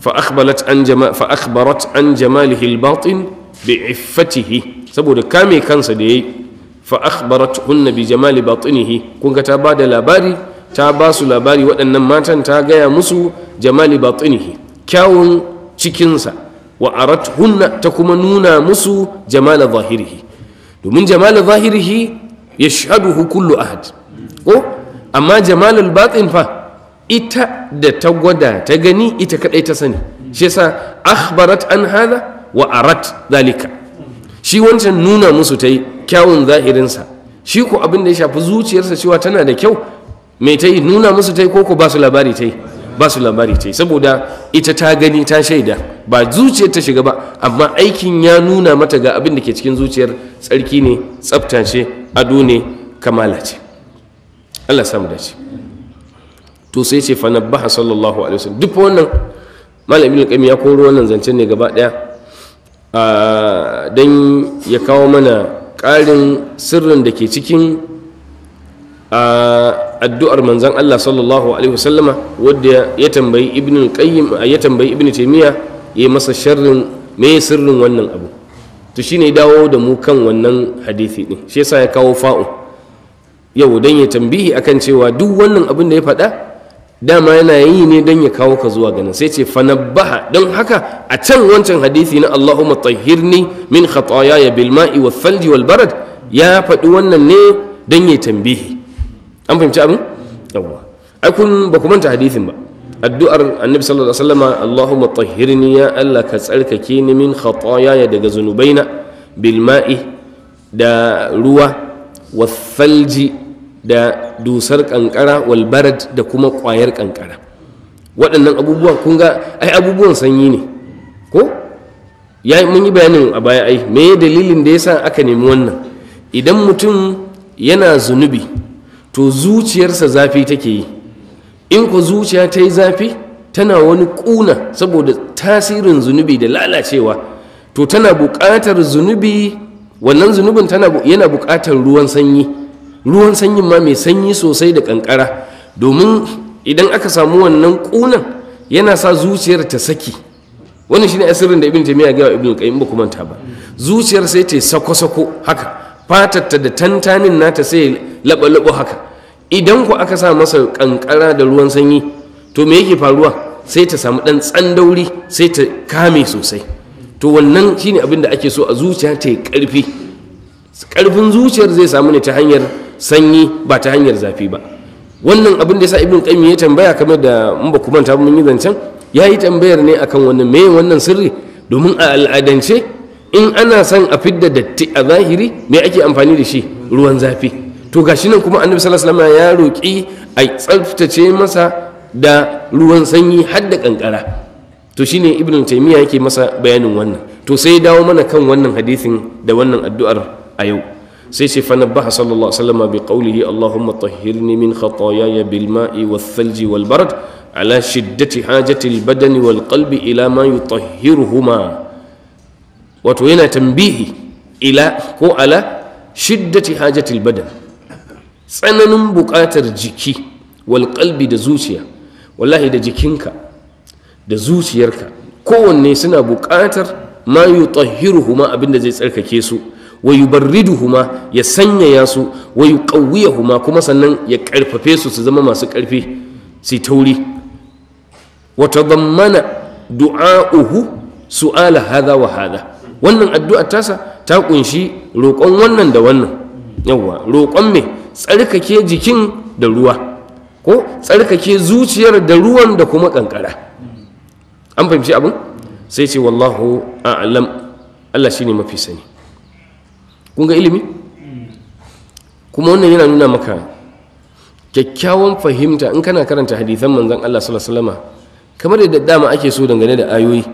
فأخبرت an جمال فأخبرت عن جماله saboda kame kansa da yayi fa akhbarat hunna bi jamali batinihi kun ta bada labari ta basu labari waɗannan matan ta gaya musu jamali batinihi kyawun cikinsa wa arat ta kuma nuna musu jamala zahirihi domin jamala zahirihi yashhaduhu kullu ahad amma jamalul batin fa ita da ta gwada ta gani ita kadai ta sani shi yasa akhbarat an hada wa arat dalika shi wancan nuna musu ta yi kyawun zahirinsa shi ko abin da ya shafi zuciyarsa cewa tana da kyau mai ta yi nuna musu ta yi ko ba su labari ta yi ba su labari ta yi saboda ita ta gani ta shaida ba zuciyar ta shiga ba amma aikin ya nuna mata ga abin da ke cikin zuciyar tsarki ne tsabtace ado ne kamala ce allah samu dace to sai ce fa nabbaha sallallahu alaihi wasallam duk wannan malam ibn ya koro wannan zance ne gaba daya dan ya kawo mana ƙarin sirrin da ke cikin addu'ar manzon Allah sallallahu alaihi wasallama wadda ya tambayi ibn qayyim ya tambayi ibn taymiya ya masa sharrin me sirrin wannan abu to shine dawo da mu kan wannan hadisi din shi yasa ya kawo fa'u yau dan ya tambihi akan cewa duk wannan abin da ya faɗa dama yana yi ne don ya kawo ka zuwa ganin sai ce fanabbaha don haka a can wancan hadisi na Allahumma tahhirni min khatayaya bil ma'i wal thalji wal barad ya faɗi wannan ne don ya tambihi an fahimci abin yawwa ai kun ba ku manta hadisin ba addu'ar annabi sallallahu alaihi wasallam Allahumma tahhirni ya Allah ka tsarkake ni min khatayaya daga zunubaina bil ma'i da ruwa wal thalji da dusar kankara walbarad da kuma kwayar kankara waɗannan abubuwan kun ga ai abubuwan sanyi ne ko ya mun yi bayanin a baya ai me dalilin da yasa aka nemi wannan idan mutum yana zunubi to zuciyarsa zafi take yi in ku zuciya ta yi zafi tana wani ƙuna saboda tasirin zunubi da lalacewa to tana buƙatar zunubi wannan zunubin yana buƙatar ruwan sanyi ruwan sanyin ma mai sanyi sosai da kankara domin idan aka samu wannan kunan yana sa zuciyar ta saki wannan shine asirin da ibn jami'a ga ibn qayyim ba kuma ta ba zuciyar sai ta sako sako haka fatarta da tantanin nata sai laba labo haka idan ku aka sa masa kankara da ruwan sanyi to me yake faruwa sai ta samu dan tsandauri sai ta kame sosai to wannan shine abin da ake so a zuciya ta yi karfi karfin zuciyar zai samu ne ta hanyar sanyi ba ta hanyar zafi ba wannan abin da ya sa ibn qayyim ya tambaya kamar da mun ba ku mun yi zancen ya yi tambayar ne akan wannan me wannan sirri domin a al'adance in ana son a fidda datti a zahiri me ake amfani da shi ruwan zafi to gashi nan kuma annabi sallallahu ya roki a tsaftace masa da ruwan sanyi har da kankara to shine ibn taymiya yake masa bayanin wannan to sai dawo mana kan wannan hadisin da wannan addu'ar a yau sai ce fana sallallahu alaihi wasallam bi qawlihi allahumma tahhirni min khataayaya bil ma'i wal thalji wal barad ala shiddati hajati al badani wal qalbi ila ma yutahhiruhuma wato yana tambihi ila ko ala shiddati hajati al badan tsananin buƙatar jiki wal qalbi da zuciya wallahi da jikinka da zuciyarka kowanne suna buƙatar ma yutahhiruhuma abinda zai tsarkake su wa yubarriduhuma ya sanyaya su wa yuqawwiyahuma kuma sannan ya karfafe su su zama masu karfi su tauri wa tadammana du'a'uhu su'ala hadha wa hadha wannan addu'a tasa ta kunshi roƙon wannan da wannan yawa roƙon me tsarkake jikin da ruwa ko tsarkake zuciyar da ruwan da kuma kankara an fahimci abin sai ce wallahu a'lam Allah shine mafi sani kun ga ilimi kuma wannan yana nuna maka kyakkyawan fahimta in kana karanta hadithan manzon Allah sallallahu alaihi wasallam kamar yadda dama ake so dangane da ayoyi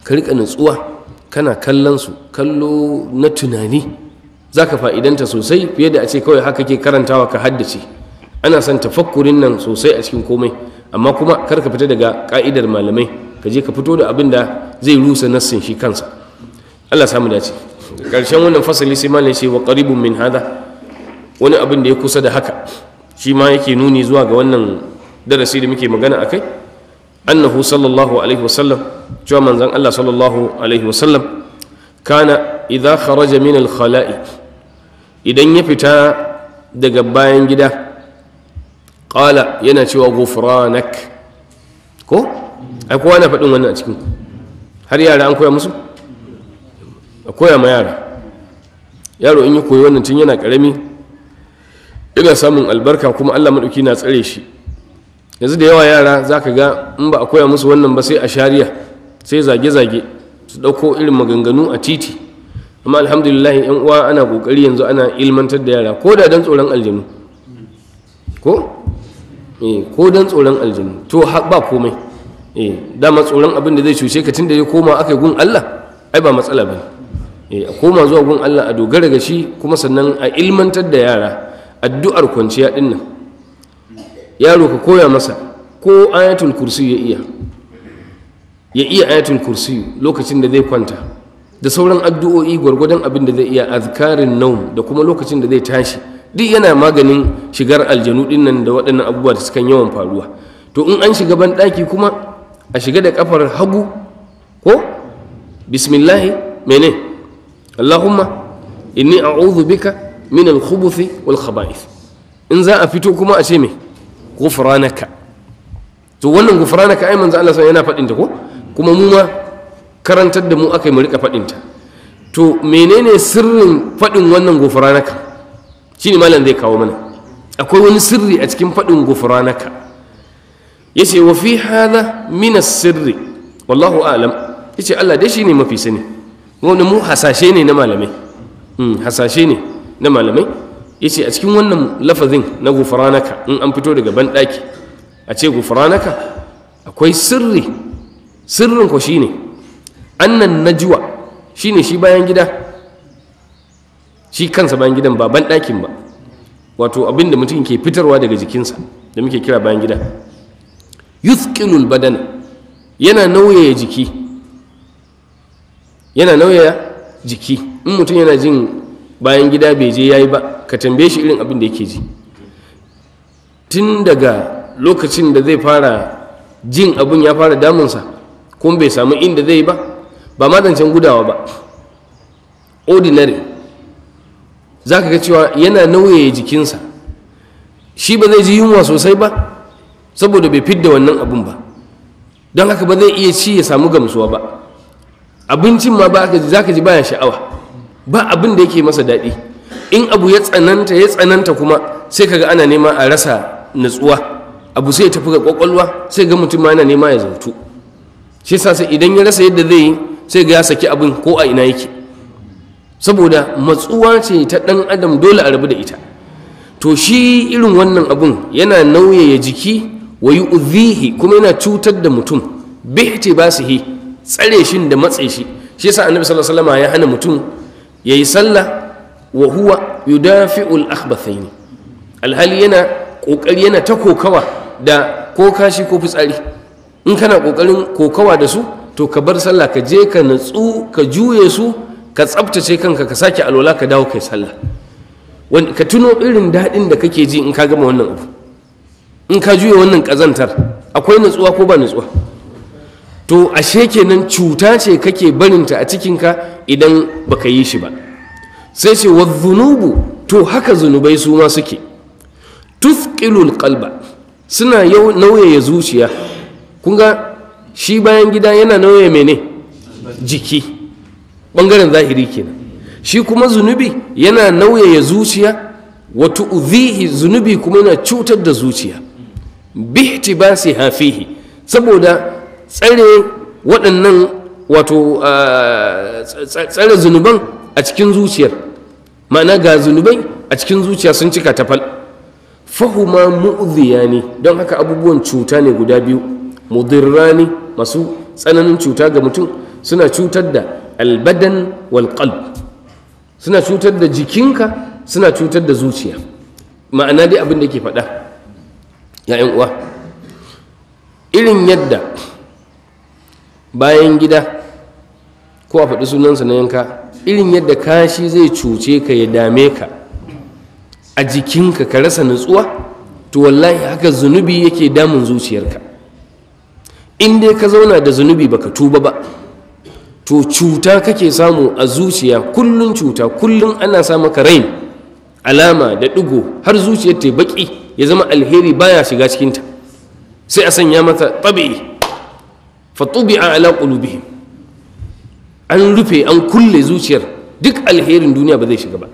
ka rika nutsuwa kana kallon su kallo na tunani zaka fa'idanta sosai fiye da a ce kawai haka ke karantawa ka haddace ana son tafakkurin nan sosai a cikin komai amma kuma kar ka fita daga ka'idar malamai ka je ka fito da abin da zai rusa nassin shi kansa Allah samu dace ƙarshen wannan fasali sai malin shi wa qaribun min hada wani abin da ya kusa da haka shi ma yake nuni zuwa ga wannan darasi da muke magana a kai annahu sallallahu alaihi wasallam cewa manzan Allah sallallahu alaihi wasallam kana idan kharaja min al idan ya fita daga bayan gida qala yana cewa ghufranak ko ai kowa na faɗin wannan a cikin har yara an koya musu a koya ma yara yaro in yi koyi wannan tun yana karami ina samun albarka kuma allah maɗauki na tsare shi yanzu da yawa yara za ka ga in ba a koya musu wannan ba sai a shari'a sai zage-zage su ɗauko irin maganganu a titi amma alhamdulillah yan uwa ana ƙoƙari yanzu ana ilmantar da yara ko da don tsoron aljanu ko eh ko don tsoron aljanu to ba komai eh dama tsoron abin da zai cuce ka tun da ya koma aka gun allah ai ba matsala ba Eh, a koma zuwa gun Allah a dogara ga shi kuma sannan a ilmantar da yara addu'ar kwanciya din nan yaro ka koya masa ko ayatul kursi ya iya ya iya ayatul kursi lokacin da zai kwanta da sauran addu'o'i gwargwadon abin da zai iya azkarin naum da kuma lokacin da zai tashi duk yana maganin shigar aljanu din nan da waɗannan abubuwa da sukan yawan faruwa to in an shiga ban ɗaki kuma a shiga da kafar hagu ko bismillahi mene Allahumma inni a'udhu bika min al wal khaba'ith in za a fito kuma a ce me ghufranaka to wannan ghufranaka ai manzo Allah yana faɗin ta ko kuma mu ma karantar da mu akai mu rika faɗin ta to menene sirrin faɗin wannan ghufranaka shine malam zai kawo mana akwai wani sirri a cikin faɗin ghufranaka yace wa fi hadha min as-sirri wallahu a'lam yace Allah dai shine mafi sani wani mu hasashe ne na malamai mm, hasashe ne na malamai yace a cikin wannan lafazin na gufaranaka in an fito daga banɗaki a ce gufaranaka akwai sirri sirrin ko shine annan najwa shine shi bayan gida shi kansa bayan gidan ba banɗakin ba wato abinda da mutum ke fitarwa daga jikinsa da muke kira bayan gida yuskinul badan yana nauye jiki yana nauya jiki in mutum yana jin bayan gida bai je yayi ba ka tambaye shi irin abin da yake ji tun daga lokacin da zai fara jin abin ya fara damunsa kuma bai samu inda zai ba ba ma gudawa ba ordinary za ka ga cewa yana nauya jikinsa shi ba zai ji yunwa sosai ba saboda bai fidda wannan abin ba don haka ba zai iya ci ya samu gamsuwa ba abincin ma ba za ka ji baya sha'awa ba abin da yake masa daɗi in abu ya tsananta ya tsananta kuma sai kaga ana nema a rasa natsuwa abu sai ya tafi ga kwakwalwa sai ga mutum ma yana nema ya zautu shi sa sai idan ya rasa yadda zai yi sai ga ya saki abin ko a ina yake saboda matsuwa ce ta ɗan adam dole a rabu da ita to shi irin wannan abun yana nauyaya jiki wa uzihi kuma yana cutar da mutum bi ba su tsare shi da matse shi shi yasa annabi sallallahu alaihi wasallam ya hana mutum yayi sallah wa huwa yudafi'ul akhbathaini alhali yana kokari yana ta kokawa da ko kashi ko fitsari in kana kokarin kokawa da su to ka bar sallah ka je ka natsu ka juye su ka tsaftace kanka ka sake alwala ka dawo kai sallah ka tuno irin daɗin da kake ji in ka gama wannan abu in ka juya wannan ƙazantar akwai natsuwa ko ba natsuwa to ashe kenan cuta ce kake barinta a cikinka idan baka yi shi ba sai ce wa zunubu to haka zunubai su ma suke tufkilul ƙalba suna yau nauyaya zuciya kunga shi bayan gida yana nauya mene jiki ɓangaren zahiri kenan shi kuma zunubi yana nauyaya zuciya Wata uzihi zunubi kuma yana cutar da zuciya ba bihti bihtibasi hafihi saboda tsare waɗannan wato tsare zunuban a cikin zuciyar ma'ana ga zunubai a cikin zuciya sun cika tafal fahuma mu'ziya ne don haka abubuwan cuta ne guda biyu mudirra ne masu tsananin cuta ga mutum suna cutar da albadan walƙal suna cutar da jikinka suna cutar da zuciya ma'ana dai abin da ke faɗa Ya'yan uwa irin yadda bayan gida ko a faɗi sunansa na yanka irin yadda kashi zai cuce ka ya dame ka a jikinka ka rasa nutsuwa to wallahi haka zunubi yake damun zuciyarka in dai ka zauna da zunubi baka tuba ba to cuta kake samu a zuciya kullun cuta kullun ana sa maka rain alama da ɗigo har zuciyar ta baki ya zama alheri baya shiga cikinta sai a sanya mata tabi'i fatubi'a ala qulubihim an rufe an kulle zuciyar duk alherin duniya ba zai shiga ba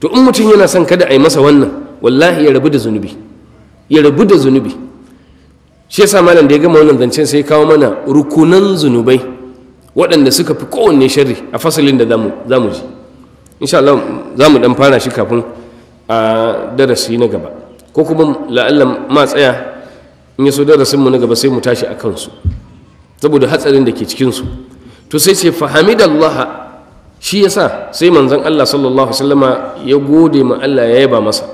to in mutum yana son kada a yi masa wannan wallahi ya rabu da zunubi ya rabu da zunubi shi yasa malam da ya gama wannan zancen sai kawo mana rukunan zunubai waɗanda suka fi kowanne shari a fasalin da za mu ji insha za mu dan fara shi kafin a darasi na gaba ko kuma ma tsaya in ya so darasinmu na gaba sai mu tashi a kansu saboda hatsarin da ke cikinsu to sai ce Allah shi yasa sai manzon Allah sallallahu alaihi ya gode ma Allah ya yaba masa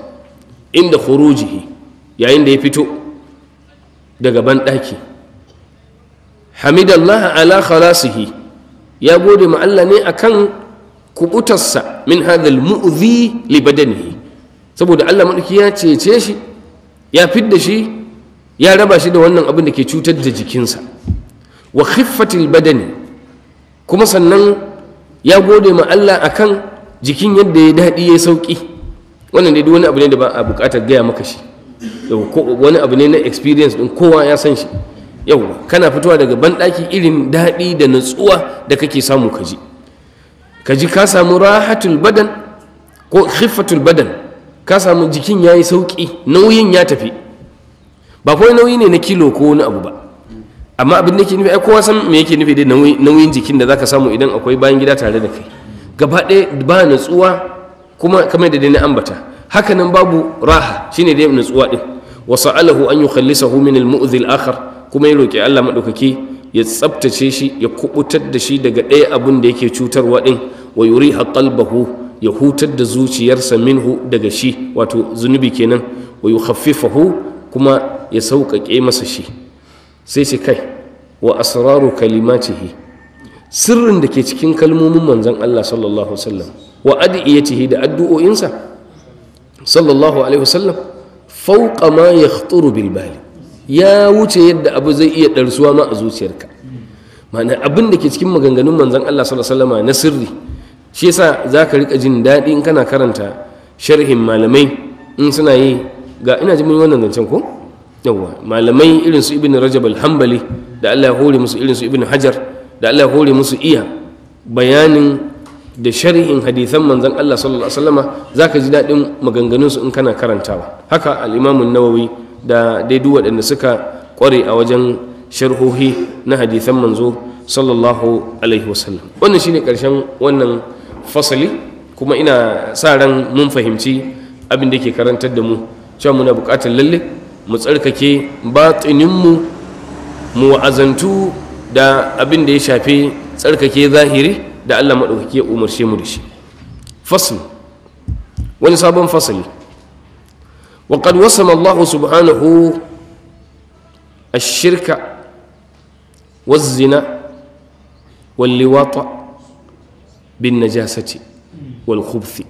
inda khurujihi yayin da ya fito daga banɗaki hamidallah ala khalasihi ya gode ma Allah ne akan kubutarsa min hadhal mu'zi li badanihi saboda Allah madaki ya cece shi ya fidda shi ya raba shi da wannan abin da ke cutar da jikinsa wa khiffatil badani kuma sannan ya gode ma Allah akan jikin yadda ya daɗi ya sauƙi wannan dai wani abu ne da ba a buƙatar gaya maka shi wani abu ne na experience din kowa ya san shi yau kana fitowa daga banɗaki irin daɗi da natsuwa da kake samu ka ji ka ji samu rahatul badan ko khiffatul badan ka samu jikin ya yi sauƙi nauyin ya tafi ba kawai nauyi ne na kilo ko wani abu ba amma abin da ke nufi ai kowa san me yake nufi da nauyin jikin da zaka samu idan akwai bayan gida tare da kai gaba ɗaya ba natsuwa kuma kamar da dai na ambata hakanan babu raha shine dai natsuwa din wa sa'alahu an yukhallisahu min al-mu'dhi al-akhar kuma ya roki Allah madaukaki ya tsaftace shi ya kubutar da shi daga ɗaya abin da yake cutarwa din wa yuriha qalbahu ya hutar da zuciyarsa minhu daga shi wato zunubi kenan wa yukhaffifahu kuma ya sauƙaƙe masa shi sai ce kai wa asraru kalimatihi sirrin da ke cikin kalmomin manzon Allah sallallahu alaihi wasallam wa adiyatihi da addu'o'insa sallallahu alaihi wasallam fawqa ma yakhturu bil bali ya wuce yadda abu zai iya darsuwa ma a zuciyarka ma'ana abin da ke cikin maganganun manzon Allah sallallahu alaihi na sirri shi yasa zaka rika jin daɗi in kana karanta sharhin malamai in suna yi ga ina jin wannan zancen ko Yawwa. malamai irin su ibn rajab al-hanbali da Allah ya hore musu irin su ibn hajar da Allah ya hore musu iya bayanin da sharhin hadithan manzon Allah sallallahu alaihi wasallama zaka ji daɗin maganganun su in kana karantawa haka al-imam an-nawawi da dai duk waɗanda suka kware a wajen sharhohi na hadithan manzo sallallahu alaihi wasallam wannan shine karshen wannan fasali kuma ina sa ran mun fahimci abin da ke karantar da mu cewa muna buƙatar lalle mutsarkake tsarkake batininmu mu azantu da abin da ya shafi tsarkake zahiri da Allah madaukake umarshe mu da shi fasl wani sabon fasali ash-shirka waz-zina wal-liwata bin-najasati wal والخبث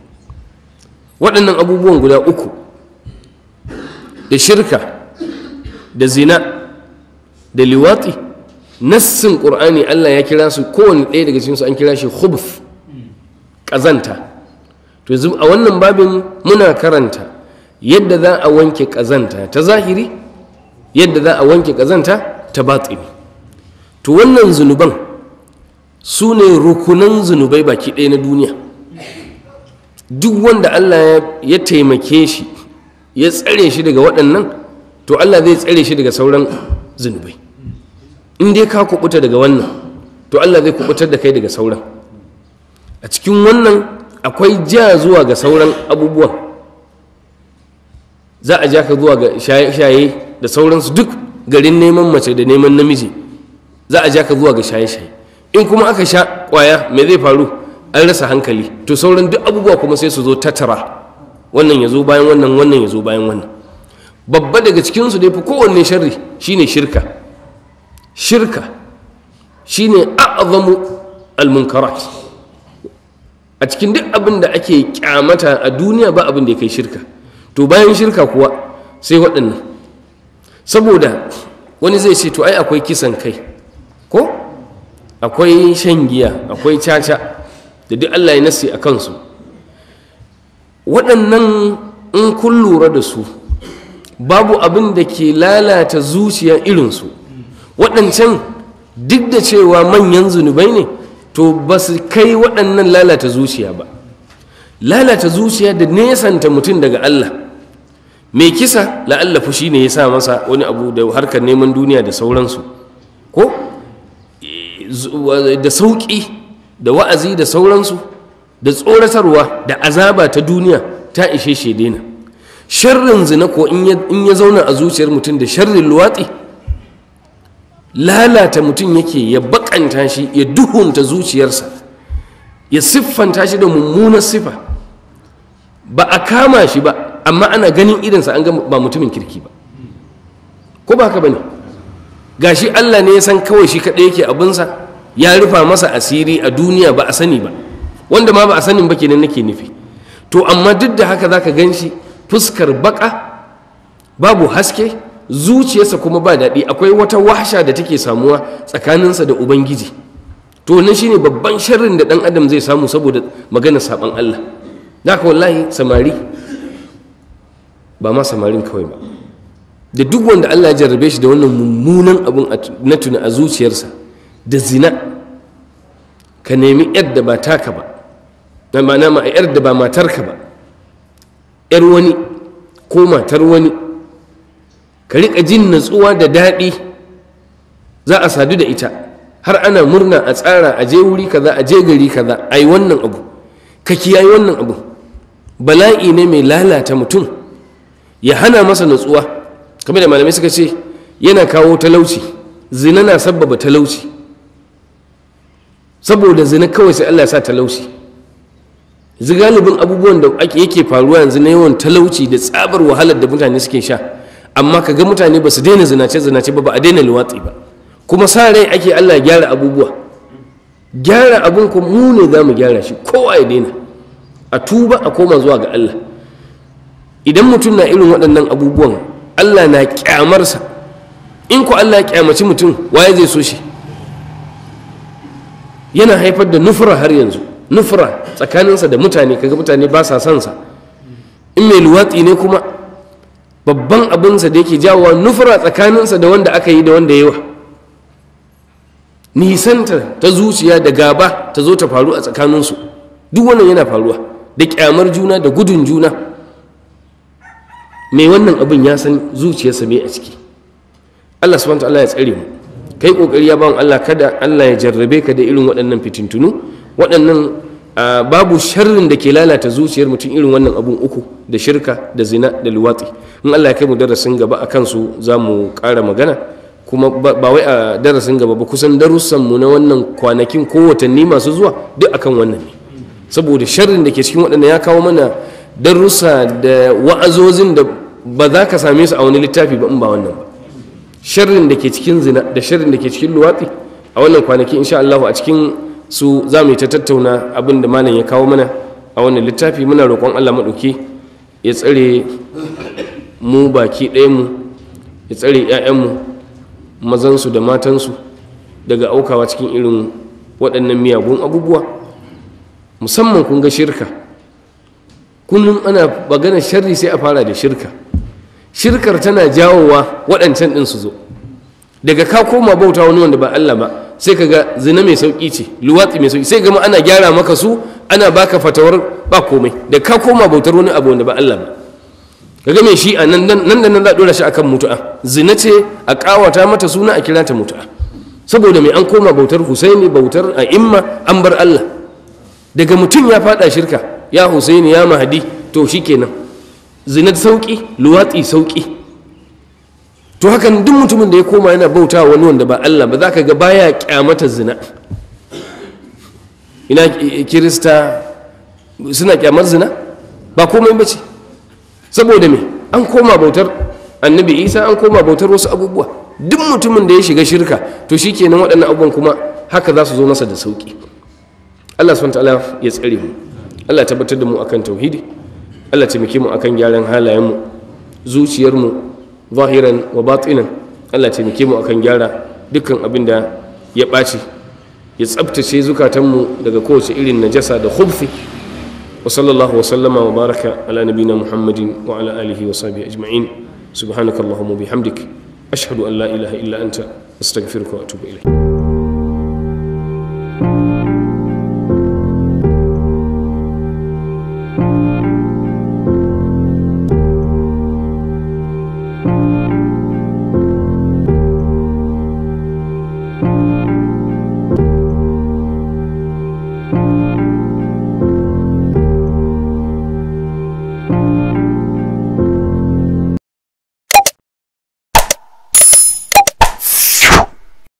wadannan abubuwan guda uku da shirka da zina da liwati nassin ƙur'ani allah ya kira su kowane ɗaya daga cikinsu an kira shi khubf ƙazanta to yanzu a wannan babin muna karanta yadda za a wanke ƙazanta ta zahiri yadda za a wanke ƙazanta ta batsini to wannan zunuban su ne rukunan zunubai baki ɗaya na duniya duk wanda allah ya taimake shi ya tsare shi daga waɗannan to Allah zai tsare shi daga sauran zunubai in dai ka kubuta daga wannan to Allah zai kubutar da kai daga sauran a cikin wannan akwai ja zuwa ga sauran abubuwan za a ja ka zuwa ga shaye-shaye da sauransu duk garin neman mace da neman namiji za a ja ka zuwa ga shaye-shaye in kuma aka sha kwaya me zai faru an rasa hankali to sauran duk abubuwa kuma sai su zo tattara wannan ya zo bayan wannan wannan ya zo bayan wannan babba daga cikinsu dai fi kowanne sharri shine shirka shirka shine a'zamu almunkarat a cikin duk abin da ake kyamata a duniya ba abin da ya kai shirka to bayan shirka kuwa sai waɗannan saboda wani zai ce to ai akwai kisan kai ko akwai shan giya akwai caca da duk allah ya nasi a kansu waɗannan in kun lura da su babu abin da ke lalata zuciya irinsu waɗancan duk da cewa manyan zunubai ne to ba su kai waɗannan lalata zuciya ba lalata zuciya da nesanta mutum daga Allah mai kisa la'allafu shi ne ya sa masa wani abu da harkar neman duniya da sauransu ko eh, da sauƙi da wa'azi da sauransu da tsoratarwa da azaba ta duniya ta ishe shi daina sharrin zina ko in ya zauna a zuciyar mutum da sharrin luwatsi lalata mutum yake ya bakanta shi ya duhunta zuciyarsa ya siffanta shi da mummunar siffa ba a kama shi ba amma ana ganin idansa an ga ba mutumin kirki ba ko ba haka ba ne gashi allah ne ya san kawai shi kaɗai yake abinsa ya rufa masa asiri a duniya ba a sani ba wanda ma ba a sanin ba kenan nake nufi to amma duk da haka zaka gan shi fuskar baka babu haske zuciyarsa kuma ba daɗi akwai wata wahsha da take samuwa tsakaninsa da ubangiji to wannan shine babban sharrin da ɗan adam zai samu saboda magana saban Allah haka wallahi samari ba ma samarin kawai ba da duk wanda Allah ya jarrabe shi da wannan mummunan abun na tuna a zuciyarsa da zina ka nemi yadda ba taka ba na mana ma yar da ba matarka ba yar wani ko matar wani ka riƙa jin natsuwa da daɗi za a sadu da ita har ana murna a tsara a je wuri kaza a je gari kaza a yi wannan abu ka kiyaye wannan abu bala'i ne mai lalata mutum ya hana masa natsuwa kamar da malamai suka ce yana kawo talauci zina na sabbaba talauci saboda zina kawai sai allah ya sa talauci yanzu galibin abubuwan da yake faruwa yanzu na yawan talauci da tsabar wahalar da mutane suke sha amma ka ga mutane ba su daina zinace zinace ba ba a daina luwatsi ba kuma sa rai ake allah gyara abubuwa gyara abun ku mu ne za mu gyara shi kowa ya daina a tuba a koma zuwa ga allah idan mutum na irin waɗannan abubuwan allah na kyamarsa in ku allah ya kyamaci mutum waye zai so shi yana haifar da nufura har yanzu nufra tsakaninsa da mutane kaga mutane ba sa sansa in mai luwatsi ne kuma babban abinsa da yake jawowa nufra tsakaninsa da wanda aka yi da wanda yawa nisanta ta zuciya da gaba ta zo ta faru a tsakaninsu duk wannan yana faruwa da kyamar juna da gudun juna mai wannan abin ya san zuciyarsa mai a ciki allah subhanahu wa ta'ala ya tsare mu kai kokari ya ba allah kada allah ya jarrabe ka da irin waɗannan fitintunu waɗannan babu sharrin da ke lalata zuciyar mutum irin wannan abun uku da shirka da zina da luwatsi in allah ya kai mu darasin gaba a kansu za mu ƙara magana kuma ba wai a darasin gaba ba kusan darussanmu na wannan kwanakin ko watanni masu zuwa duk akan wannan ne saboda sharrin da ke cikin waɗannan ya kawo mana darussa da wa'azozin da ba za ka same su a wani littafi ba in ba wannan ba sharrin da ke cikin zina da sharrin da ke cikin luwatsi a wannan kwanakin insha allahu a cikin su za mu yi ta tattauna abin da malam ya kawo mana a wannan littafi muna roƙon allah maɗauki ya tsare mu baki ɗayanmu ya tsare 'ya'yanmu mazansu da matansu daga aukawa cikin irin waɗannan miyagun abubuwa musamman kun ga shirka kullum ana magana sharri sai a fara da shirka shirkar tana jawowa waɗancan ɗin su zo daga ka koma bauta wani wanda ba allah ba sai ka ga zina mai sauƙi ce luwatsi mai sauki sai gama ana gyara maka su ana baka fatawar ba komai da ka koma bautar wani abu wanda ba Allah ba ga mai shi a nan da nan za a dora shi akan mutu'a zina ce a kawata mata suna a kira ta mutu'a saboda mai an koma bautar husaini bautar a imma an bar Allah daga mutum ya fada shirka ya husaini ya mahadi to shi shikenan zina sauki luwatsi sauki to hakan duk mutumin da ya koma yana bauta wani wanda ba Allah ba za ka ga baya kyamata zina ina kirista suna kyamar zina ba komai ba ce saboda me an koma bautar annabi isa an koma bautar wasu abubuwa duk mutumin da ya shiga shirka to shi kenan waɗannan abubuwan kuma haka za su zo masa da sauƙi allah swt ya tsare mu allah tabbatar da mu akan tauhidi allah taimake mu akan gyaran halayenmu zuciyarmu zahiran wa batinan Allah taimake mu akan gyara dukkan abin da ya ɓaci ya tsabtace zukatanmu daga kowace irin najasa da khubfi wa sallallahu wa sallama wa baraka ala nabina muhammadin wa ala alihi wa sahbihi ajma'in subhanakallahumma bihamdik ashhadu an la ilaha illa anta astaghfiruka wa atubu ilayk